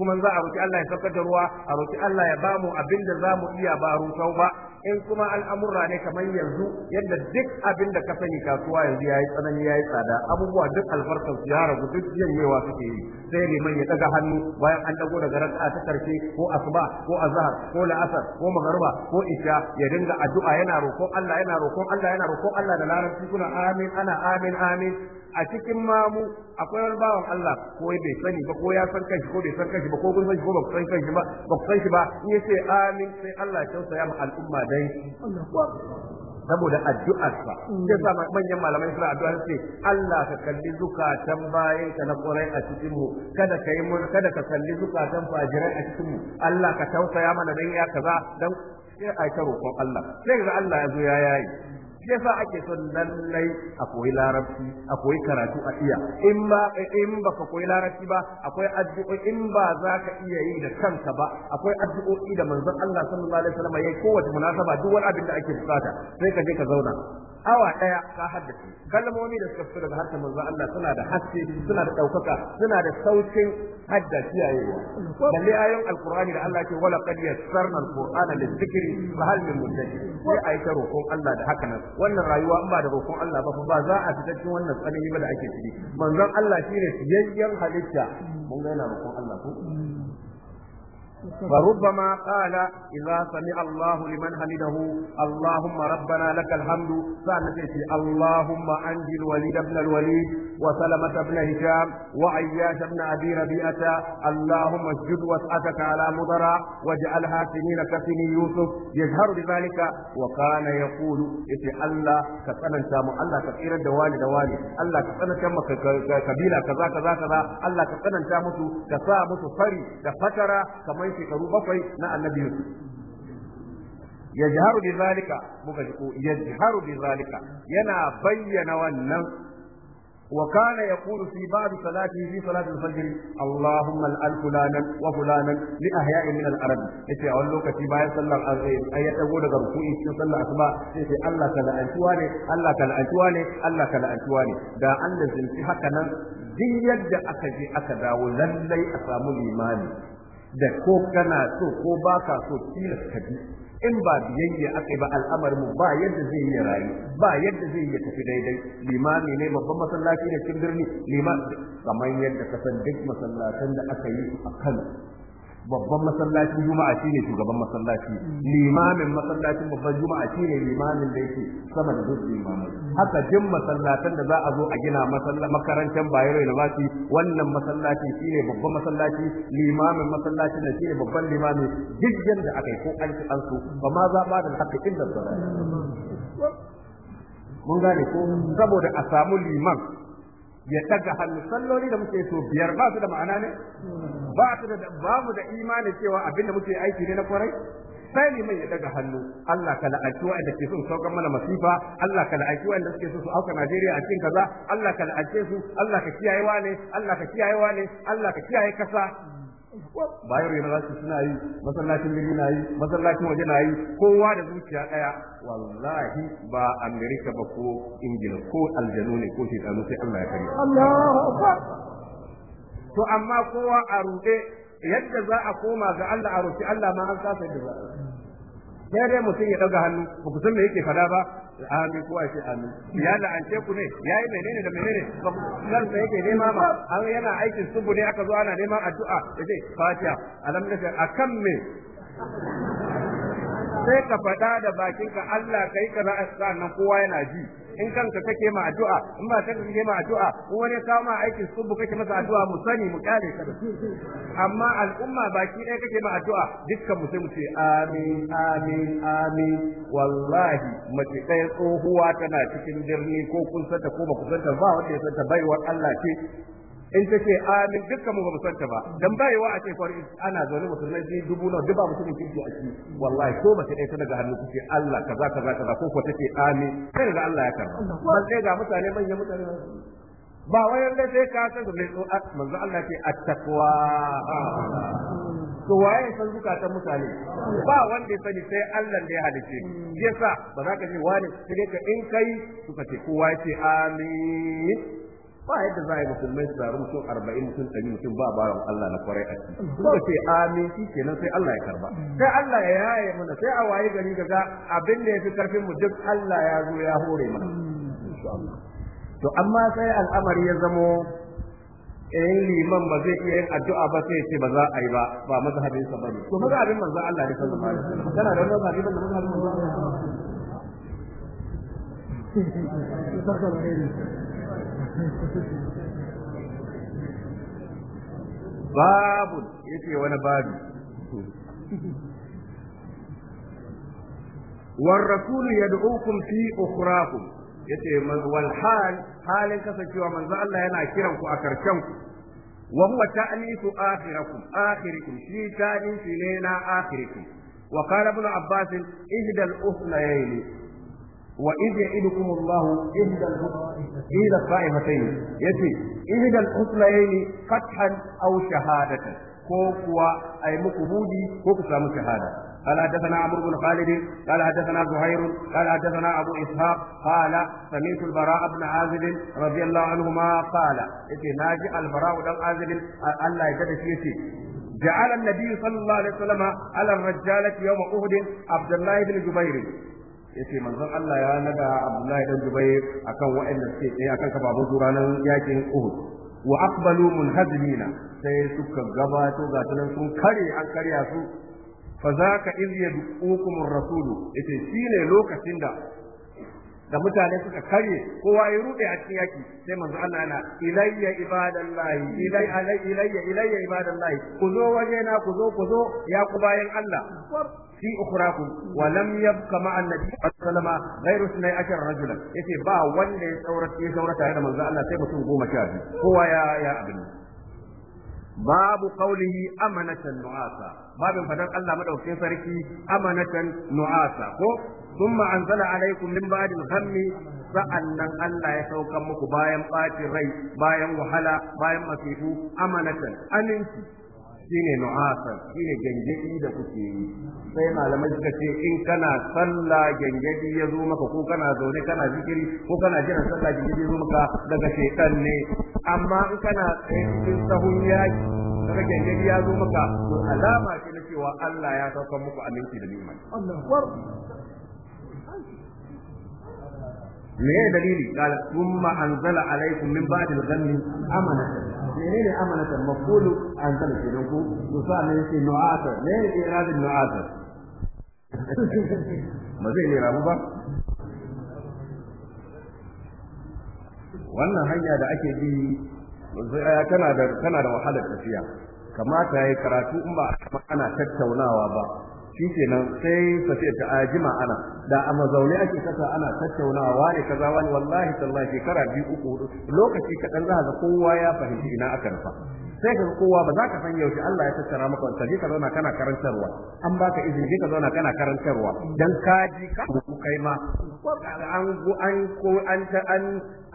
kuma za a roƙi Allah ya saukar da ruwa a roƙi Allah ya bamu abin da za mu iya ba rusau ba in kuma al'amurra ne kamar yanzu yadda duk abin da ka sani kasuwa yanzu yi tsanani yi tsada abubuwa duk albarkar su ya ragu duk janyewa suke yi sai liman ya daga hannu bayan an dago daga rasa ta karshe ko asuba ko azhar ko la'asar ko magharba ko isha ya dinga addu'a yana roƙon Allah yana roƙon Allah yana roƙon Allah da larabci kuna amin ana amin amin a cikin mamu akwai wani bawan Allah ko bai sani ba ko ya san kanshi ko bai san kanshi ba ko kun san shi ko ba san kanshi ba ba san shi ba in yace amin sai Allah ya tausaya ma al'umma dai saboda addu'arsa sai sa manyan malamai suna addu'a sai Allah ka kalli zukatan bayin ka na ƙurai a cikin mu kada ka yi mun kada ka kalli zukatan fajirai a cikin mu Allah ka tausaya mana dan ya kaza dan sai a ta roƙon Allah sai ga Allah ya zo ya yayi shi yasa ake son lallai a koyi larabci a koyi karatu a iya in ba in ba ka koyi larabci ba akwai addu'o in ba za ka iya yi da kanka ba akwai addu'o'i da manzon Allah sallallahu alaihi wasallam yayi kowace munasaba duk wani abin da ake bukata sai ka je ka zauna awa ɗaya ka haddace kalmomi da suka fito daga harshen manzon Allah suna da haske suna da ɗaukaka suna da saukin hadda kiyayewa balle ayoyin alqur'ani da Allah ke wala qad yassarna alqur'ana lizikri fa hal min mudakkir sai ayi ta roƙon Allah da haka nan wannan rayuwa in ba da roƙon Allah ba ba za a fita cikin wannan tsanani ba da ake ciki manzon Allah shine siyayyen halitta mun ga yana roƙon فربما قال إذا سمع الله لمن حمده اللهم ربنا لك الحمد سألت اللهم أنج الوليد بن الوليد وسلمة بن هشام وعياش بن أبي ربيئة اللهم اسجد واسأتك على مضرع واجعلها سنين كسن يوسف يجهر بذلك وكان يقول إتي الله كسنن سامو الله كثيرا دواني دواني الله كسنن كما كبيلة كذا كذا كذا الله كسنن سامو كسامو فري كفترة كما يتي shekaru bakwai na annabi Yusuf. Ya ji haru muka ji ko, ya ji haru yana bayyana wannan wa kana yaqulu fi ba'd salati fi salati al-fajr allahumma al fulana wa fulana li ahya'i min al-arab yace a wannan lokaci bayan sallar azhar ay ya dago daga ruku'i cikin sallar asuba yace allah ka la'antu wane allah ka la'antu wane allah ka la'antu wane da an da zinci haka nan din yadda aka je aka dawo lallai a samu limani da ko kana so ko ba ka so tilas ka bi in ba biyayya aka ba al'amarin mu ba yadda zai yi rayu ba yadda zai yi tafi daidai limami ne babban masallaci ne cikin birni limami kamar yadda ka san duk masallatan da aka yi a Kano babban masallaci juma'a shine shugaban masallaci limamin masallacin babban juma'a shine limamin da yake sama da dukkan limamai haka duk masallatan da za a zo a gina makarantar Bayero basi wannan masallaci shine babban masallaci limamin masallacin da shine babban limami duk da aka yi ko an ci an so ba ma za ba da haka inda mun gane ko saboda a samu liman ya daga hannu salloli da muke so biyar ba su da ma'ana ne ba su da babu da imani cewa abin da muke aiki ne na kwarai sai liman ya daga hannu Allah ka la'aki wa'anda ke son saukan mana masifa Allah ka la'aki wa'anda suke so su auka Najeriya a cikin kaza Allah ka la'ace su Allah ka kiyaye wane Allah ka kiyaye wane Allah ka kiyaye kasa bayar university suna yi masallacin birni na yi masallacin waje na yi kowa da zuciya daya wallahi ba Amerika ba ko ingila ko aljanu ne ko shekaru sai allah ya kare to amma kowa a ruɗe yadda za a koma ga allah a roki allah ma an kasa da sai dai mutum ya daga hannu ba ku san me yake fada ba amin ko ashe amin ya la'ance ku ne ya mai menene da menene ba ku san me yake nema ba an yana aikin subu ne aka zo ana neman addu'a ya yace fatiha alam a kan me sai ka faɗa da bakinka Allah kai kaza nan kowa yana ji in kanka kake ma addu'a in ba kanka kake ma addu'a ko wani ya kawo ma aikin bu kake masa addu'a mu sani mu kare ka da amma al'umma baki ɗaya kake ma addu'a dukkan mu sai mu ce amin amin amin wallahi mace ɗaya tsohuwa tana cikin birni ko kun santa ko ba ku ta, ba wanda ya ta, baiwar Allah ce in ta ce amin ah, dukkan mu ba mu ba dan wa a ce kwari ana zaune musulmai biyu dubu nawa duk ba mutumin kirki a ciki wallahi ko ba ta ɗaya ta daga hannu kuke Allah kaza kaza kaza ko ko ta ce amin sai daga Allah ya karba ban sai ga mutane manyan mutane ba wai da sai ka san da manzo Allah ce at-taqwa to waye san zukatan mutane ba wanda ya sani sai Allah da ya halice yasa ba za ka ji wani sai ka in kai suka ce kowa ya ce amin ba yadda za a yi musulmai su zaru mutum arba'in mutum ɗari mutum ba baron Allah na kwarai a ciki suka ce amin shi kenan sai Allah ya karba hmm. sai Allah ya yaye mana sai a waye gari ga abin da ya fi karfin mu duk Allah ya zo ya hore mana hmm. to amma sai al'amari ya zamo in eh, liman ba zai iya yin addu'a ba sai ce ba za a yi ba ba mazhabin sa bane to mazhabin manzon Allah ne sallallahu alaihi wasallam kana da mazhabi da mazhabin manzon Allah hmm. <laughs> babu ce wani babu war rasul yad'ukum fi ukhrakum yace wal hal halin kasancewa manzo Allah yana kiran ku a karshen ku wa huwa ta'nisu akhirakum akhirikum shi ta'nisu ne na akhirikum qala ibn abbas ihdal الأثنيين وإذ يعدكم الله إحدى إحدى الطائفتين يتي إحدى الحسنيين فتحا أو شهادة كوكوا أي مكبودي كوكسا شهادة قال حدثنا عمرو بن خالد قال حدثنا زهير قال حدثنا ابو اسحاق قال سمعت البراء بن عازب رضي الله عنهما قال اتي ناجي البراء بن عازب الله يجد شيء جعل النبي صلى الله عليه وسلم على الرجالة يوم أهد عبد الله بن جبير yace manzon Allah ya nada Abdullahi dan Dubai akan waɗanda suke tsaye akan kababun ranar yakin Uhud wa aqbalu munhazimina sai suka gabato ga sunan sun kare an karya su fa zaka iz yad'ukum ar-rasul yace shine lokacin da da mutane suka kare kowa ya rude a cikin yaki sai manzo Allah yana ilayya ibadallahi ilay alay ilayya ilayya ibadallahi ku zo waje na ku zo ku zo ya ku bayan Allah fi ukhrakum wa lam yabqa ma'a annabi sallama ghayru sunay rajulan yace ba wanda ya tsaurata ya tsaurata da manzo Allah sai mutum goma sha biyu kowa ya ya abin babu qaulihi amanatan nu'asa babin fadan Allah madaukakin sarki amanatan nu'asa ko ثم أنزل عليكم من بعد الهم sa'annan Allah ya sauka muku bayan ɓacin rai bayan wahala bayan masifu amanatan aminci shine nu'asan shine gangadi da kuke yi sai malamai suka ce in kana sallah gangadi ya zo maka ko kana zaune kana zikiri ko kana jiran sallah gangadi ya zo maka daga shaitan ne amma in kana cikin sahun yaki daga gangadi ya zo maka to alama ce na cewa Allah ya sauka muku aminci da ni'ima me ya dalili kala kuma anzala alaikum min ba'di al-ghammi amana amana amanata mafulu anzala kenan ko to sa ne shi nu'ata ne yake radin nu'ata Ma <laughs> zai ne rabu ba wannan hanya da ake bi kana eh, da kana da wahalar tafiya kamata yayi karatu in ba ana tattaunawa ba shikenan sai safiya ta ajima ana da a mazaune ake kasa ana tattaunawa ne kaza wani wallahi tallahi shekara biyu uku hudu lokaci kaɗan za ga kowa ya fahimci ina aka rufa sai ka kowa ba za ka san yaushe Allah ya tattara maka ka ka zauna kana karantarwa an baka izini ka zauna kana karantarwa dan ka ji ka kai ma an an an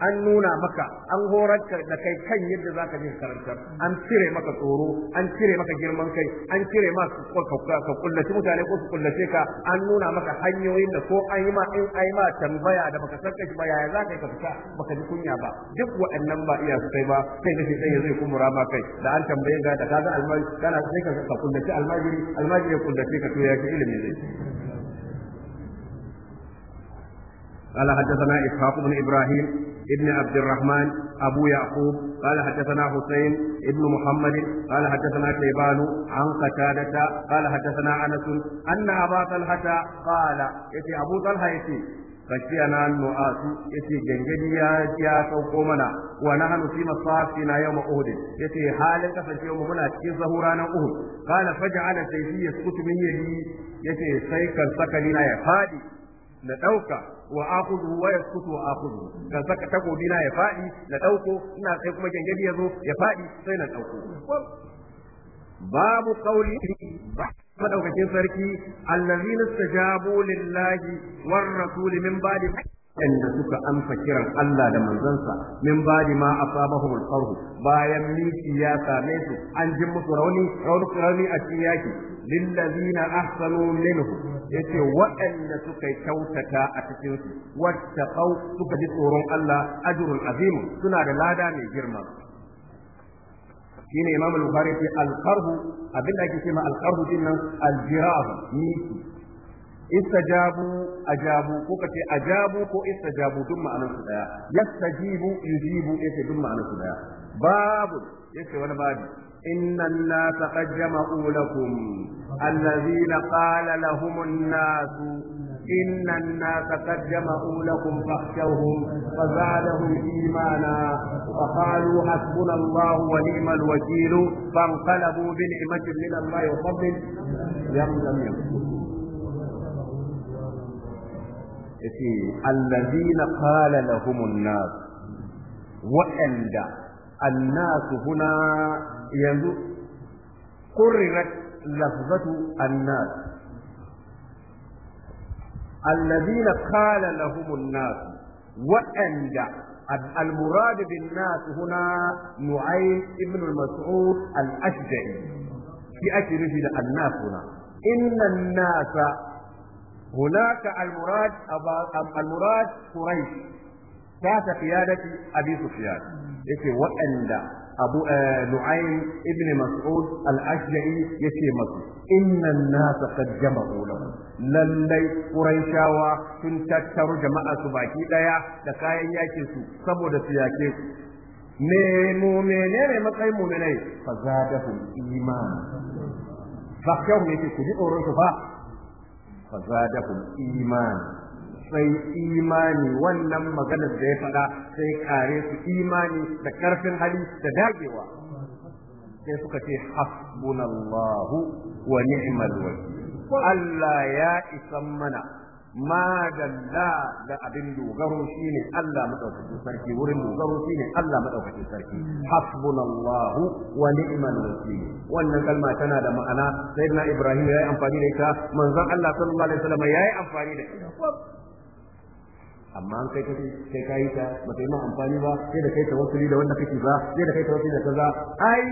an nuna maka an horar da kai kan yadda za ka je karantar an cire maka tsoro an cire maka girman kai an cire maka ka kullace mutane ko su kullace ka an nuna maka hanyoyin da ko an yi ma in ai ma tambaya da baka san kai ba yaya za ka yi ka fita baka ji kunya ba duk waɗannan ba iya su kai ba kai da sai ya zai kumura ma kai da an tambaye ga da kaga almajiri kana sai ka kullace almajiri almajiri ya kullace ka to ya ilimi ne. قال حدثنا إسحاق بن إبراهيم ابن عبد الرحمن أبو يعقوب قال حدثنا حسين ابن محمد قال حدثنا شيبان عن قتادة قال حدثنا أنس أن أبا طلحة قال يتي أبو طلحة يتي فشينا النعاس يتي جنجدي يا سوقومنا ونحن في مصافنا يوم أهد يتي حالك فشي يوم هنا في ظهورانا أهد قال فجعل سيفي يسكت من يدي يتي سيكا سكننا يفادي لدوكا wa akudu wa yaskutu wa akhudhu dan saka takobi na ya fadi na dauko ina sai kuma gangabi ya zo ya fadi sai na dauko babu qawli madaukakin sarki allazina jabo lillahi war rasul min ba'di waɗanda suka amsa kiran Allah da manzansa min ba'di ma asabahum al-qarh bayan miki ya same su an ji musu rauni rauni a cikin yaki lillazina ahsanu minhu yace waɗanda suka kyautata a cikin su wattaqau suka ji tsoron Allah ajrun azim suna da lada mai girma shine imam al-bukhari ce al abinda ake cewa al dinnan al-jirahu miki istajabu ajabu ko kace ajabu ko istajabu duk ma'anar su daya yastajibu yujibu yace duk ma'anar su daya babu yace wani babu inna an-nasa qad jama'u lakum alladhina qala lahum an-nasu inna an-nasa qad jama'u lakum fakhshawhum fazadahum imana wa qalu hasbuna Allahu wa ni'mal wakeel fanqalabu bi ni'matin min Allah wa fadlin yam yam yam yace allazina qala lahumun nas wa'anda annas huna yanzu qurrat lafzatu annas allazina qala lahumun nas wa'anda المراد بالناس هنا نعيم ابن المسعود الأشجعي في أشرف الناس هنا إن الناس هناك المراد المراد قريش تحت قيادة أبي سفيان يكي وأن أبو نعيم ابن مسعود الأشجعي يكي مسعود إن الناس قد جمعوا له lallai Qurayshawa sun tattaru jama'a su baki ɗaya da kayan yake su saboda su yake su me mu menene matsayin mu ne fa zadahum iman fa kyau ne ku ji tsoron su fa fazadahum iman sai imani wannan maganar da ya faɗa sai kare su imani da karfin hali da dagewa sai suka ce hasbunallahu wa ni'mal wakil Allah ya isan mana ma dalla da abin dogaro shine Allah madaukakin sarki wurin dogaro shine Allah madaukakin sarki hasbunallahu wa ni'mal wakil wannan kalma tana da ma'ana sai na Ibrahim yayi amfani da ita manzon Allah sallallahu alaihi wasallam yayi amfani da ita amma an kai kace kai kai ta ba kai ma amfani ba sai da kai ta tawassuli da wanda kake ba sai da kai ta tawassuli da kaza ai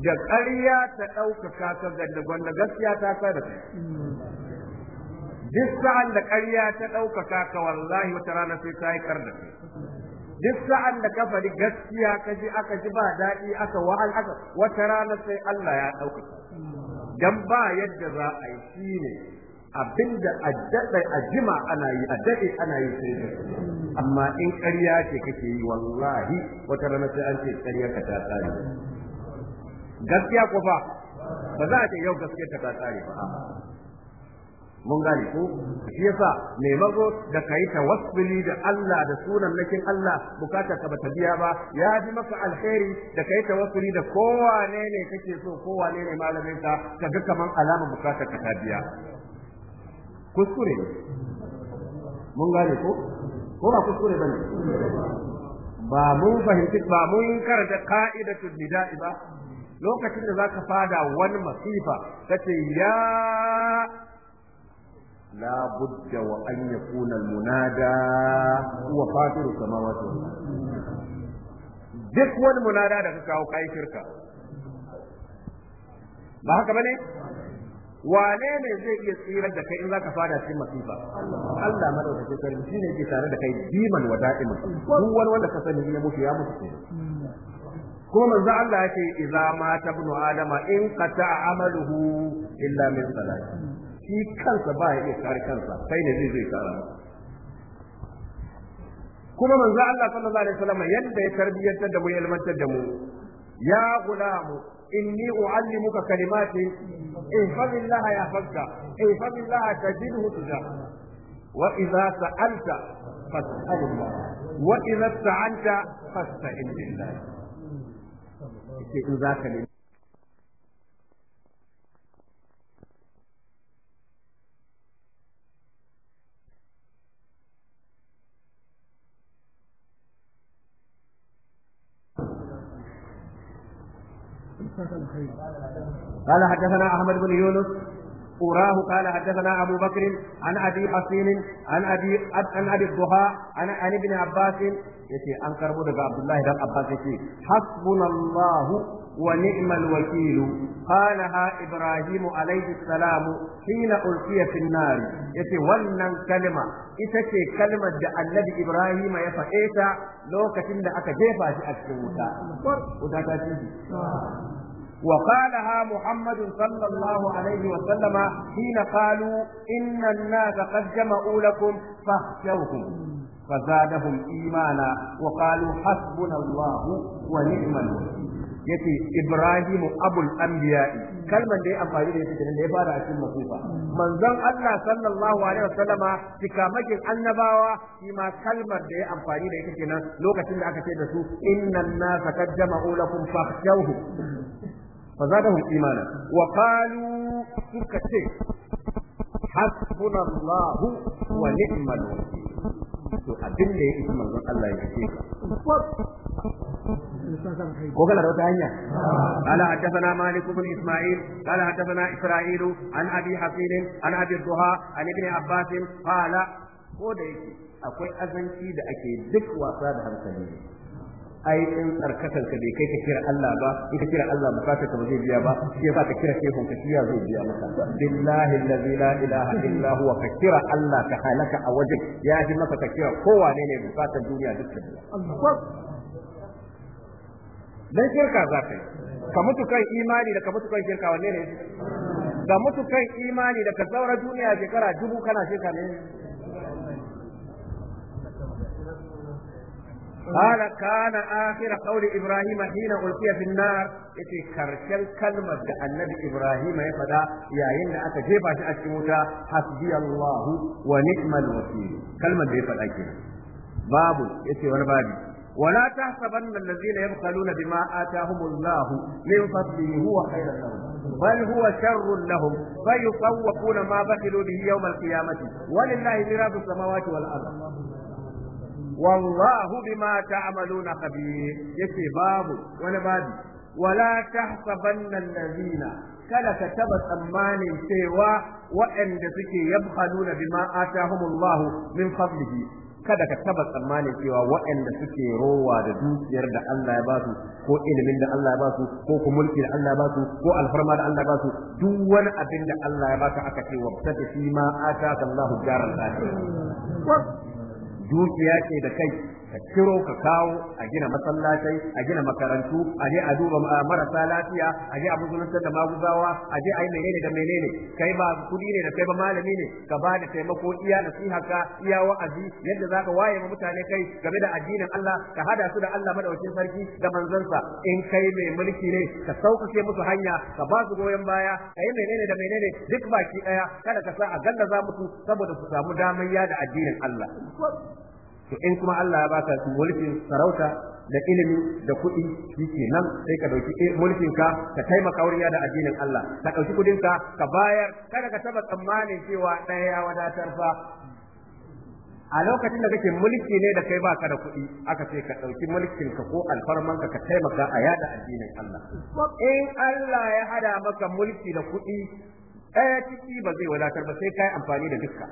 da ƙarya ta ɗaukaka ka ga da gaskiya ta sa da duk sa'an da ƙarya ta ɗaukaka ka wallahi wata rana sai ta yi da kai duk sa'an da ka faɗi gaskiya ka ji aka ji ba daɗi aka wa'al aka wata rana sai Allah ya ɗaukaka dan ba yadda za a yi shi ne abinda a daɗa a jima ana yi a daɗe ana yi sai da amma in ƙarya ce kake yi wallahi wata rana sai an ce ƙarya ka ta tsare gaskiya ko ba ba za a ce yau gaskiya ka ta tsare ba mun gane ko shi yasa mai mago da kai wasbili da Allah da sunan lakin Allah bukata ka bata biya ba ya ji maka alheri da kai tawassuli da kowa ne ne kake so kowa ne ne malamin ka ga kaman alama bukata ka ta biya kuskure mun gane ko ko ba kuskure bane ba mun fahimci ba mun karanta ka'idatul nida'i ba lokacin da zaka fada wani masifa kace ya لا بد وأن يكون المنادى هو فاطر السماوات والأرض duk wani munada da ka kawo kai shirka ba haka bane wane ne zai iya tsirar da kai in zaka fada cikin masifa Allah madaukakin sarki shine yake tare da kai diman wa da'iman duk wani wanda ka sani ne mutu ya mutu kuma manzo Allah yake idza mata ibnu adama in qata amaluhu illa min salati shi kansa ba ya iya kare kansa kai ne zai zai kare masa kuma manzo Allah sallallahu alaihi wasallam yadda ya tarbiyyantar da mu ya ilmantar da mu ya gulamu inni uallimuka kalimatin ihfazillah yahfazka ihfazillah tajidhu tujahka wa idza sa'alta fas'alillah wa idza sta'anta fasta'in billah in za ka nemi قال حدثنا احمد بن يونس أراه قال حدثنا أبو بكر عن أبي حصين عن أبي عن أبي الضحى عن عن ابن عباس يتي أنكر بودك عبد الله بن عباس يتي حسبنا الله ونعم الوكيل قالها إبراهيم عليه السلام حين ألقي في النار يتي ولن كلمة إتتي كلمة الذي إبراهيم يفعيتا لو كتن أكجيفا في أكتوتا وتاتاتي وقالها محمد صلى الله عليه وسلم حين قالوا إن الناس قد جمعوا لكم فاخشوهم فزادهم إيمانا وقالوا حسبنا الله ونعم الوكيل yace Ibrahimu abul anbiya'i kalman da ya amfani da ita kenan da ya fara a cikin masifa manzon Allah sallallahu alaihi wasallama tikamakin annabawa shi ma kalmar da ya amfani da ita kenan lokacin da aka ce da su innan nasa qad jama'u lakum fakhshawhu فزادهم إيمانا وقالوا سكتي حسبنا الله ونعم الوكيل to abin da ya isi manzon Allah ya ce ko kana da wata hanya ala haddathana malik ibn isma'il qala haddathana isra'ilu an abi hasin an abi duha an ibn abbas qala ko da yake akwai azanci da ake duk wasa da hankali ai in tsarkakan ka bai kai ka kira Allah ba in ka kira Allah bukatar ka ba zai biya ba shi yasa ka kira shehun ka kira zai biya maka billahi allazi la ilaha illa huwa ka kira Allah ka halaka a wajen ya ji maka ka kira kowa ne ne bukatar duniya duk da. dan shirka za ka yi ka mutu kan imani da ka mutu kan shirka wanne ne ka mutu kan imani da ka saura duniya shekara dubu kana shirka ne قال كان آخر قول إبراهيم حين ألقي في النار إتي كرشل كلمة النبي إبراهيم يفدا يا إن أتجيب أشموتا حسبي الله ونعم الوكيل كلمة دي فدا باب إتي ونبابي ولا تحسبن الذين يبخلون بما آتاهم الله من فضله هو خير لهم بل هو شر لهم فيطوقون ما بخلوا به يوم القيامة ولله ميراث السماوات والأرض والله بما تعملون خبير يكي باب ولا باب ولا تحسبن الذين kada ka taba tsammanin cewa waɗanda suke yabhaluna bima atahumullahu min fadlihi kada ka taba tsammanin cewa waɗanda suke rowa da dukiyar da Allah ya basu ko ilimin da Allah ya basu ko ko mulki da Allah ya basu ko alfarma da Allah ya basu duk wani abin da Allah ya basu aka ce wabta da shi ma ataka Allahu jaran akhir dukiya ce da kai ka ciro ka kawo a gina masallatai a gina makarantu a je a duba marasa lafiya a je a musulunta da maguzawa a je a yi menene da menene kai ba kudi ne da kai ba malami ne ka ba da taimako iya haka, iya wa'azi yadda za ka waye ma mutane kai game da addinin Allah ka hada su da Allah madaukakin sarki da manzansa in kai mai mulki ne ka sauƙaƙe musu hanya ka ba su goyon baya ka yi menene da menene duk baki ɗaya, kada ka sa a za mutu saboda su samu damar yada addinin Allah to in kuma Allah ya baka mulkin sarauta da ilimi da kuɗi shike nan sai ka dauki eh, mulkin ka ka kai makauriya da addinin Allah ka dauki kudin ka ka bayar kada ka taba tsammani cewa ɗaya ya wadatar fa a lokacin da kake mulki ne da kai baka da kuɗi aka ce ka ɗauki mulkin ka ko alfarman ka ka taimaka a yada addinin Allah in Allah ya hada maka mulki da kuɗi ɗaya ciki ba zai wadatar ba sai kai amfani da dukka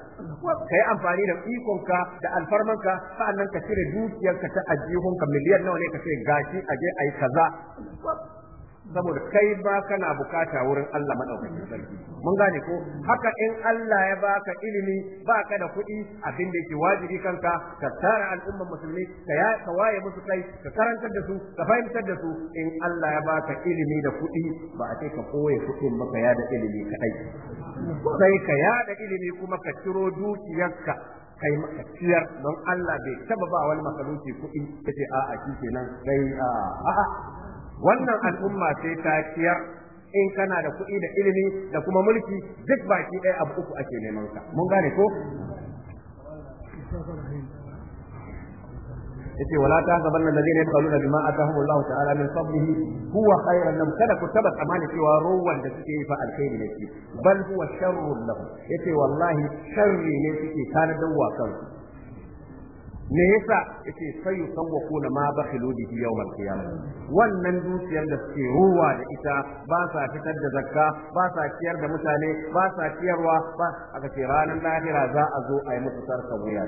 yi amfani da ikonka da alfarmanka sa'annan ka cire dukiyarka ta ajihunka miliyan nawa ne ka ce gashi aje ayi kaza saboda kai ba kana bukata wurin Allah madaukakin sarki mun gane ko haka in Allah ya baka ilimi baka da kuɗi abin da yake wajibi kanka ka tara al'ummar musulmi ka ya ka waye musu kai ka karantar da su ka fahimtar da su in Allah ya baka ilimi da kuɗi ba a ce ka koye kuɗin ba ka yada ilimi kadai sai ka yada ilimi kuma ka ciro dukiyarka kai maka ciyar don Allah bai taba ba wani makaluci kuɗi kace a'a kenan kai a'a wannan al'umma sai ta ciyar in kana da kuɗi da ilimi da kuma mulki duk baki ɗaya abu uku ake neman ka mun gane ko yace wala ta gaban nan ladina yaquluna bima hawo Allah ta'ala min fadlihi huwa khairan lam kada ku tabat amana cewa ruwan da suke yi fa alkhairi ne bal huwa sharrun lahu yace wallahi sharri ne suke tanadawa kansu me yasa yace sai yusawwaku na ma bakhilu bihi yawmal qiyamah wannan dukiyar da suke ruwa da ita ba sa fitar da zakka ba sa ciyar da mutane ba sa ciyarwa ba aka ce ranar lahira za a zo a yi musu sarka wuya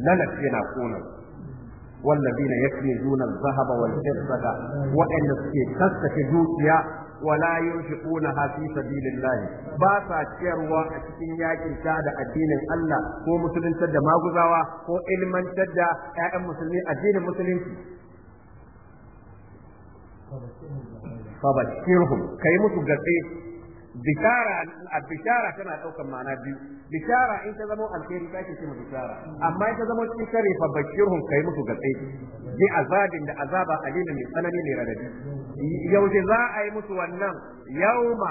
lalace na kunan والذين يكنزون الذهب والفضة وإن zuciya. wala yunfiquna fi sabilillah ba sa ciyarwa a cikin yakin ta da addinin Allah ko musuluntar da maguzawa ko ilmantar da ƴaƴan musulmi addinin musulunci fabashirhum kai musu gaske. bishara bishara tana daukan ma'ana biyu bishara in ta zama alheri ta ce mu bishara amma in ta zama cikin sharri fabashirhum kai musu gaske. bi azabin da azaba alimin mai tsanani ne radadi yaushe za a yi musu wannan Yau ma. yauma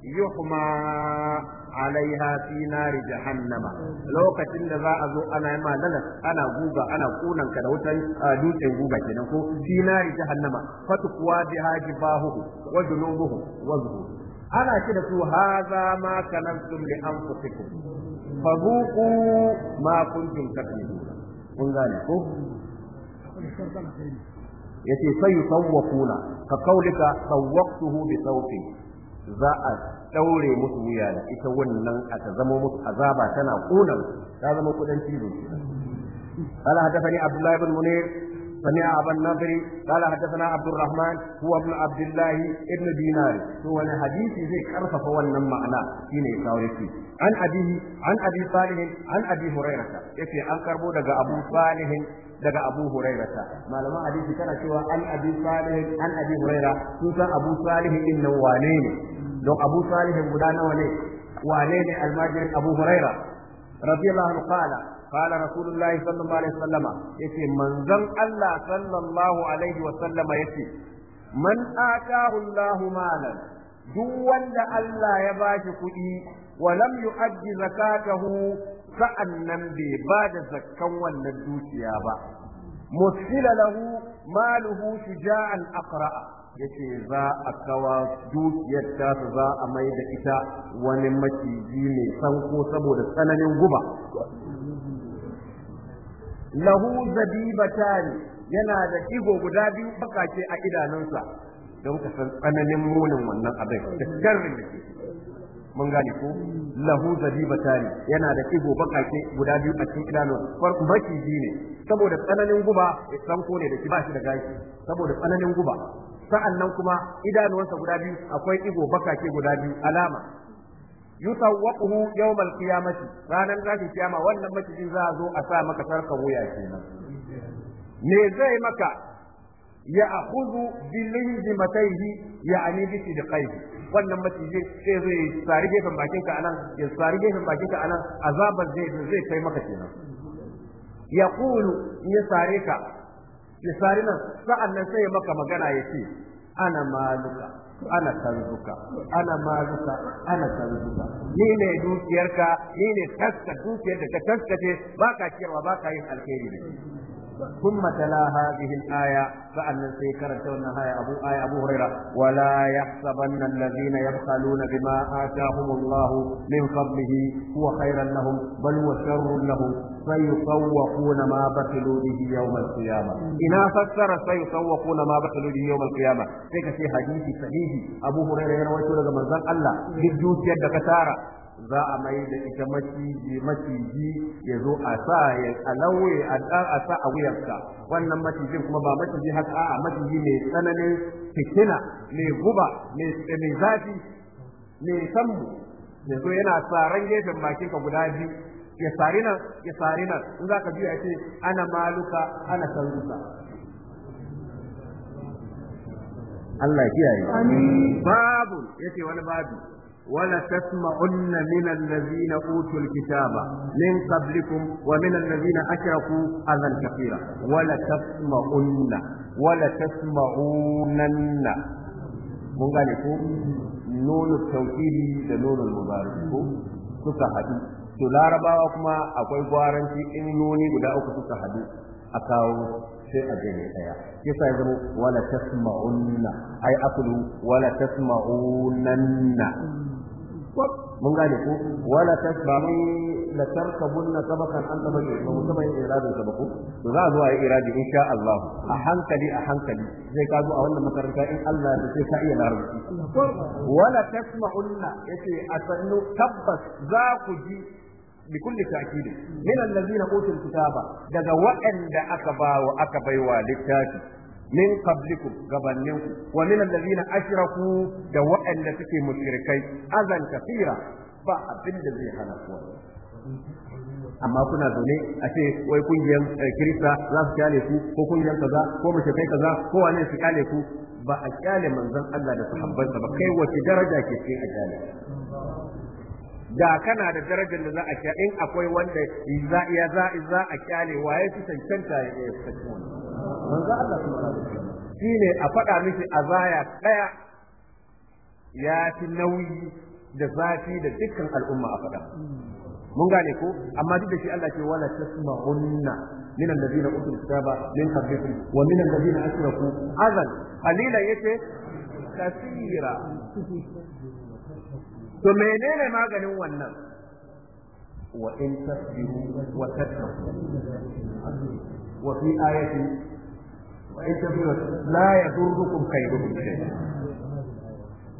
yuhma alaiha fi jahannama lokacin da za a zo ana yi malala ana guga ana kunan da wutan dutsen guga kenan ko fi nari jahannama fatukuwa biha jibahuhu wa junubuhu wa zuhur ana ce da su haza ma kanantum li anfusikum fadhuqu ma kuntum takzibun kun gane ko yace sayusawwafuna ka qaulika sawwaqtuhu bi sawti za a daure musu wuya da ita wannan a ta zama musu azaba tana kuna ta zama kudin cizo قال حدثني عبد الله بن منير سمع أبا النضر قال حدثنا عبد الرحمن هو ابن عبد الله ابن دينار هو أنا حديثي زي كرف فوانا معنى فيني ساوريكي عن أبيه عن أبي صالح عن أبي هريرة يكي عن كربو أبو صالح daga Abu Hurairah ta malaman hadisi kana cewa an Abi Salih an Abi Hurairah sun san Abu Salih din nan wane ne don Abu Salih guda nawa ne wane ne almajirin Abu Hurairah radiyallahu anhu qala قال رسول الله صلى الله عليه وسلم Allah من alaihi الله صلى الله عليه وسلم يتي من آتاه الله مالا دون الله يباشي كئي ولم يؤدي sa'an nan bai ba da zakkan wannan dukiya ba musila lahu maluhu shuja'an aqra'a yace za a kawa dukiyar ta za a mai da ita wani maciji mai sanko saboda tsananin guba lahu zabibatani yana da igo guda biyu bakake a idanunsa don ka san tsananin munin wannan abin da da ke mun gane ko lahu zabibatani yana da ido bakake guda biyu a cikin idanun farko ji ne saboda tsananin guba ya ko ne da shi ba da gashi saboda tsananin guba sa'annan kuma idanuwansa guda biyu akwai ido bakake guda biyu alama yusawwaquhu yawmal qiyamati ranan zaki kiyama wannan maciji za a zo a sa maka sarkar wuya kenan me zai maka يأخذ بلنزمتيه يعني بصدقيه wannan macije sai zai tsari gefen bakin ka anan ya tsari gefen bakin ka anan azabar zai zai kai maka kenan ya kulu ya sare ka ya sare nan sa'an nan sai ya maka magana ya ce ana maluka ana kanzuka ana maluka ana kanzuka ni ne ka, ni ne taska dukiyar da ka taskace ba ka ciyarwa ba ka yin alheri ne. ثم تلا هذه الآية فأن سيكرة النهاية أبو آية أبو هريرة ولا يحسبن الذين يبخلون بما آتاهم الله من فضله هو خيرا لهم بل هو شر لهم سيطوقون ما بخلوا به يوم القيامة إنا فسر سيطوقون ما بخلوا به يوم القيامة سيكا في حديث صحيح أبو هريرة يروي لك من الله بالجوز يدك تارة za a mai da ita maciji maciji ya zo a sa ya alawe a a sa a wuyarsa wannan macijin kuma ba maciji haka a maciji mai tsananin fitina mai guba mai zafi mai sammu ya zo yana tsaron gefen bakin ka guda biyu ya sari nan ya sari nan in za ka biya ce ana maluka ana sanduka Allah ya kiyaye babu yace wani babu ولتسمعن من الذين أوتوا الكتاب من قبلكم ومن الذين أشركوا أذى كثيرا ولتسمعن ولتسمعونن mun gane ko nunu tauhidi da nunul mubarak ko suka hadu to larabawa kuma akwai gwaranci in nuni guda uku suka haɗu a kawo sai a gare daya yasa ya zama wala tasma'unna ai wala mun gane ko wala la tarkabunna tabaqan an tabaqi iradin to za a zo a yi iradi insha Allah a hankali a hankali zai ka zo a wannan makaranta in Allah ya sai ka iya larabci wala tasma'unna yace a sannu tabbas za ku ji بكل تأكيد من الذين أوتوا الكتاب daga وأن دا أكبا aka baiwa littafi min قبلنكم ومن wa min دا وأن da تكي suke أذى azan kafira ba حلقوا zai hana amma kuna zaune a ce wai kungiyar eh, kirista za su kyale ku ko kungiyar kaza ko mushrikai kaza ko wane su kyale ku ba a kyale manzon Allah da sahabbansa ba kai wace daraja ke cikin a kyale da kana da darajar da za a kya in akwai wanda za a za za a kyale waye su cancanta ya yi sakin wani manzo Allah shi ne a faɗa miki azaya ɗaya ya fi nauyi da zafi da dukkan al'umma a faɗa mun gane ko amma duk da shi Allah ke wala min alladhina utul kitaba min من wa min alladhina اشركوا اذى قليلا yace kasira to menene maganin wannan wa in tasbiru wa tattaqu wa fi ayati wa in tasbiru la yadurrukum kaydukum shay'a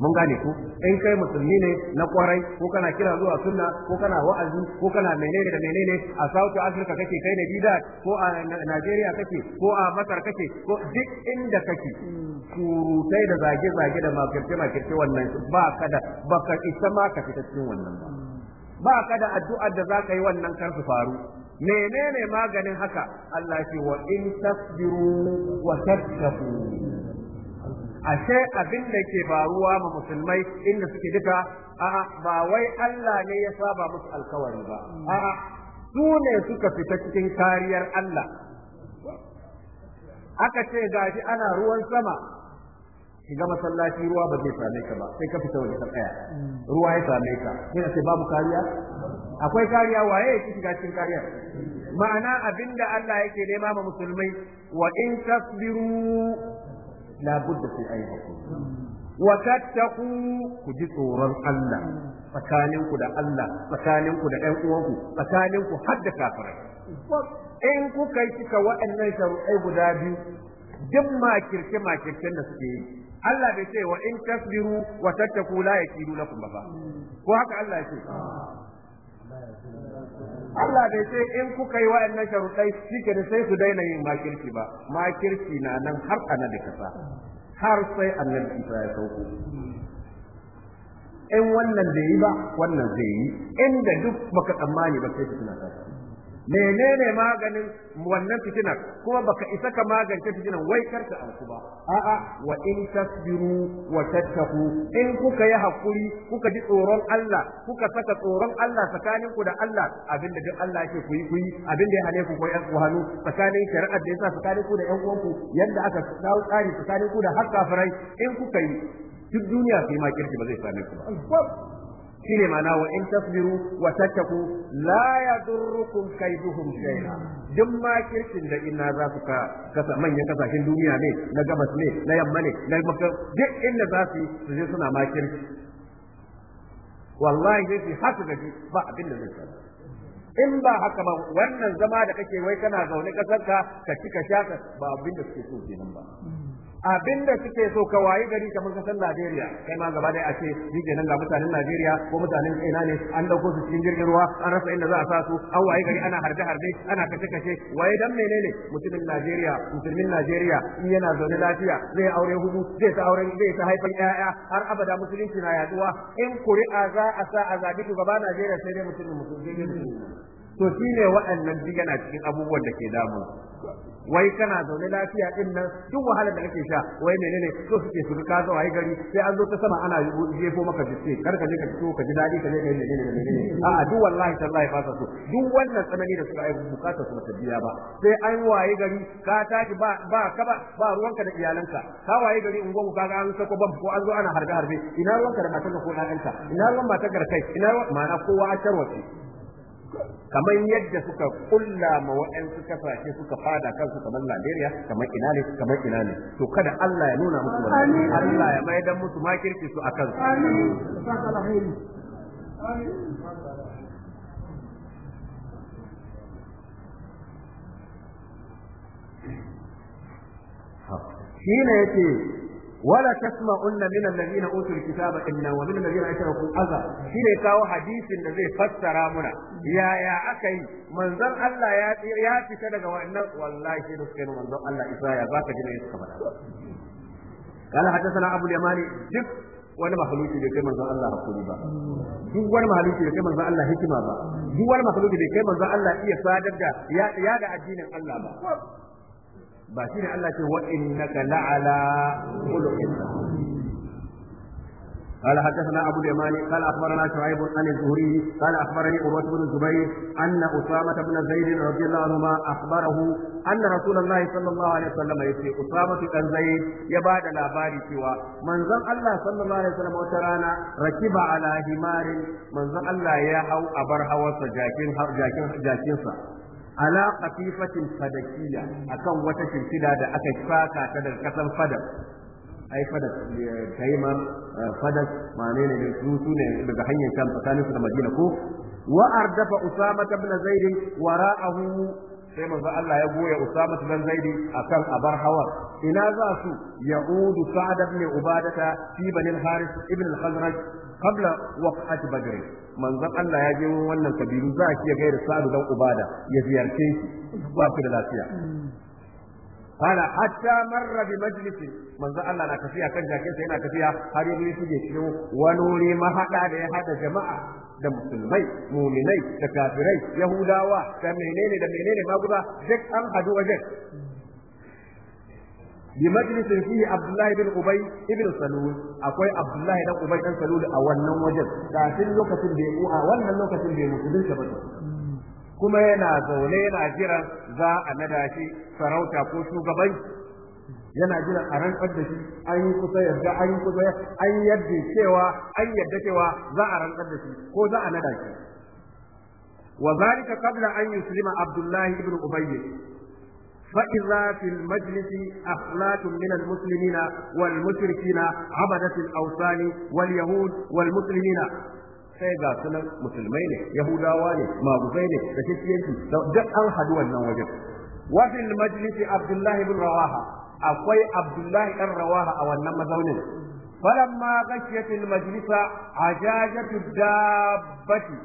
mun gane ku in kai musulmi ne na kwarai ko kana kira zuwa sunna ko kana wa'azi ko kana menene da menene a South Africa kake kai ne bida ko a Nigeria kake ko a Masar kake ko duk inda kake surutai da zage-zage da makirce-makirce wannan ba kada baka isa ma ka fita cikin wannan ba ba kada da addu'ar da za ka yi wannan kar su faru menene maganin haka Allah ce wa in tasbiru wa tattaqu ashe abin da ke baruwa ma musulmai inda suke duka a'a ba wai Allah ne ya saba musu alkawari ba a'a su ne suka fita cikin kariyar Allah aka ce gashi ana ruwan sama shiga masallaci ruwa ba zai same ka ba sai ka fita waje ka tsaya ruwa ya same ka sai ka ce babu kariya akwai kariya waye yake shiga cikin kariya ma'ana abinda Allah yake nema ma musulmai wa in tasbiru Na sai ayi hakuri wa tattaqu ku ji tsoron Allah tsakaninku da Allah tsakaninku da 'yan uwanku tsakaninku har da kafirai in kuka cika waɗannan sharuɗai guda biyu duk kirke makircen da suke yi Allah bai ce wa in tasbiru wa tattaku la yakidu lakum ba ko haka Allah ya ce Allah bai ce in kuka yi wa'annan sharuɗai shike da sai su daina yin makirci ba makirci na nan har ana da kasa har sai annabi Isa ya sauko in wannan da yi ba wannan zai yi inda duk baka tsammani ba sai su tuna kasa menene maganin wannan fitinar kuma baka isa ka magance fitinar wai karka auku ba a'a wa in tasbiru wa tattaku in kuka yi hakuri kuka ji tsoron Allah kuka saka tsoron Allah tsakanin ku da Allah abinda duk Allah yake ku yi ku yi abinda ya hane ku ko yan hannu tsakanin shari'ar da yasa tsakanin ku da yan uwanku yadda aka dawo tsari tsakanin ku da hakka farai in kuka yi duk duniya sai ma kirki ba zai same ku ba shine ma'ana wa in tasbiru wa tattaku la yadurrukum kaiduhum shay'a duk ma kirkin da ina za su ka kasa manyan kasashen duniya ne na gabas ne na yamma ne na makka duk inda za su su je suna ma kirki wallahi zai fi haka da ba abin da zai samu in ba haka ba wannan zama da kake wai kana zaune kasar ka ka ci ka sha ba abin da suke so kenan ba Abin da suke so ka wayi gari kamar kasar Najeriya kai ma gaba ɗaya a ce ni nan ga mutanen Najeriya ko mutanen ina ne an dauko su cikin jirgin ruwa an rasa inda za a sa su an waye gari ana harbe harbe ana kace kace waye dan menene mutumin Najeriya musulmin Najeriya in yana zaune lafiya zai aure hudu zai ta aure zai ta haifa yaya har abada musulunci na yaduwa in kuri'a za a sa a zabi gaba Najeriya sai dai mutumin musulmi to shine waɗannan biyu yana cikin abubuwan da ke damu wai kana zaune lafiya din nan duk wahalar da kake sha wai menene so suke su ka zo ai gari sai an zo ta sama ana jefo maka biske kar ka je ka fito ka ji dadi ka je ka yi menene da menene a'a duk wallahi tallahi ba sa so duk wannan tsanani da suka aiki bukatar su bata biya ba sai an waye gari ka tashi ba ba ka ba ba ruwanka da iyalanka ka waye gari in ka ga an sako ban ko an zo ana harbe harbe ina ruwanka da matarka ko ɗan'anka ina ruwan matarka kai ina ruwan ma'ana kowa a tarwace kamar yadda suka kulla ma waɗansu kasashe suka fada kansu kamar nigeria kamar ina ne kamar ina ne to kada Allah ya nuna musu wani Allah ya mai dan musu makirci su akan su amin yake wala tasma'unna min alladhina utul kitaba inna wa min alladhina ashraku azab shine kawo hadisin da zai fassara muna yaya aka yi manzon Allah ya fita daga wannan wallahi shi da kai manzon Allah Isa ya zaka suka faɗa قال حدثنا ابو اليماني duk wani mahaluki bai kai manzon Allah hakuri ba duk wani mahaluki bai kai manzon Allah hikima ba duk wani mahaluki bai kai manzon Allah iya sadar da ya da addinin Allah ba ba shi ne Allah ce wa innaka la'ala khuluqin قال حدثنا ابو اليماني قال اخبرنا شعيب عن الزهري قال اخبرني عروه بن الزبير ان اسامه بن زيد رضي الله عنهما اخبره ان رسول الله صلى الله عليه وسلم يسي اسامه بن زيد يبعد لاباري سوى من زم الله صلى الله عليه وسلم وترانا ركب على حمار من زم الله يا او ابرها وسجاكين جاكين جاكين ala qatifatin fadakiya akan wata shimfida da aka saka ta daga kasar fadak ai fadak kaima eh, eh, fadak mane ne da su ne daga hanyar kan tsakanin su da Madina ko wa ardafa Usama ibn Zaid wara'ahu sai manzo Allah ya goya Usama ibn Zaid akan abar hawa ina za su ya'udu Sa'ad ibn Ubadata fi bani al-Haris ibn al-Khazraj qabla waqt Badr manzon Allah ya je wannan Kabiru za a ciye gairar sa'adu don ubada ya ziyarce shi ba ku da lafiya. Kana hatta marra bi majlisin manzon Allah na tafiya kan jakinsa yana tafiya har yi su je cikin wani wuri mahaɗa da ya haɗa jama'a da musulmai, muminai, da kafirai, yahudawa, da menene da menene maguba duk an haɗu wajen. bi majlisin fihi Abdullahi bin Ubay ibn Salul akwai Abdullahi dan Ubay dan Salul a wannan wajen kafin lokacin da a wannan lokacin da ya musulunta ba kuma yana zaune yana jira za a nadashi sarauta ko shugabanci yana jira a rantsar da shi an yi kusa an yi kusa an yadda cewa an yadda cewa za a rantsar da shi ko za a nadashi. shi wa zalika qabla an yuslima abdullahi ibn ubayy فإذا في المجلس أخلاق من المسلمين والمشركين عبدة الأوثان واليهود والمسلمين sai ga sunan musulmai ne yahudawa ne maguzai ne da kishiyanci da duk an hadu wannan wajen wa fil abdullahi bin rawaha akwai abdullahi dan rawaha a wannan mazaunin ma ghashiyat al majlisa jajatu dabbati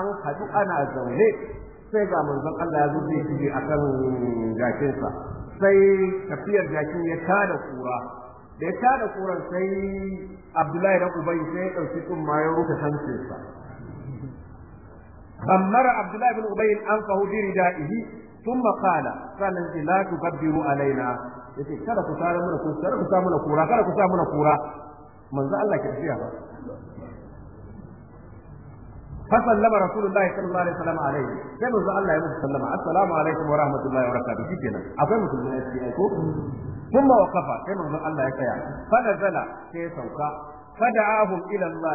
an hadu ana zaune sai ga manzon Allah ya zo zai a kan jakinsa sai tafiyar jakin ya tada kura da ya tada kuran sai Abdullahi da Ubayy sai ya dauki tsumma ya rufe hancinsa خمر عبد الله بن أبي أنفه بردائه ثم قال قال لا تكبروا علينا yace kada ku tare mana ku kada ku sa mana kura kada ku sa mana kura manzo Allah ke tafiya ba فسلم رسول الله صلى الله عليه وسلم عليه sai manzo Allah ya musu sallama assalamu alaikum wa rahmatullahi wa barakatuh shikenan akwai musulmi ya ce ko kuma waqafa sai manzo Allah ya tsaya fa nazala sai sauka fada'ahum ila Allah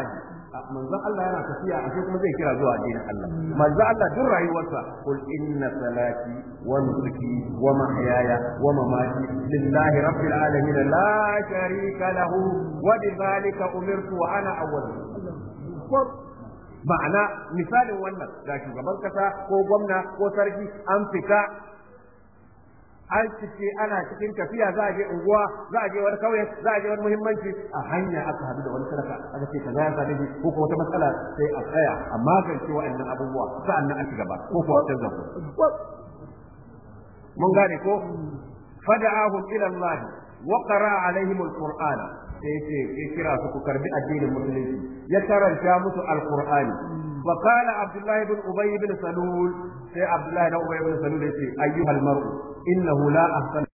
manzon Allah yana tafiya ashe kuma zai kira zuwa addinin Allah manzon Allah duk rayuwarsa kul inna salati wa nusuki wa mahyaya wa mamati lillahi rabbil alamin la sharika lahu wa bi dhalika umirtu wa ana awwal ma'ana misalin wannan ga shugaban kasa ko gwamna ko sarki an fita an cike ana cikin tafiya za a je unguwa za a je wani kauye za a je wani muhimmanci a hanya aka hadu da wani sarka aka ce kaza ya same shi ko kuma wata matsala sai a tsaya a magance waɗannan abubuwa sa'annan a ci gaba ko kuwa sai zango mun gane ko fada'ahu ila Allah wa qara alaihim alqur'ana sai ce ya kira su ku karbi addinin musulunci ya karanta musu alqur'ani wa qala abdullah ibn ubay ibn salul sai Abdullahi ibn ubay ibn salul yace ayyuhal mar'u innahu la ahsana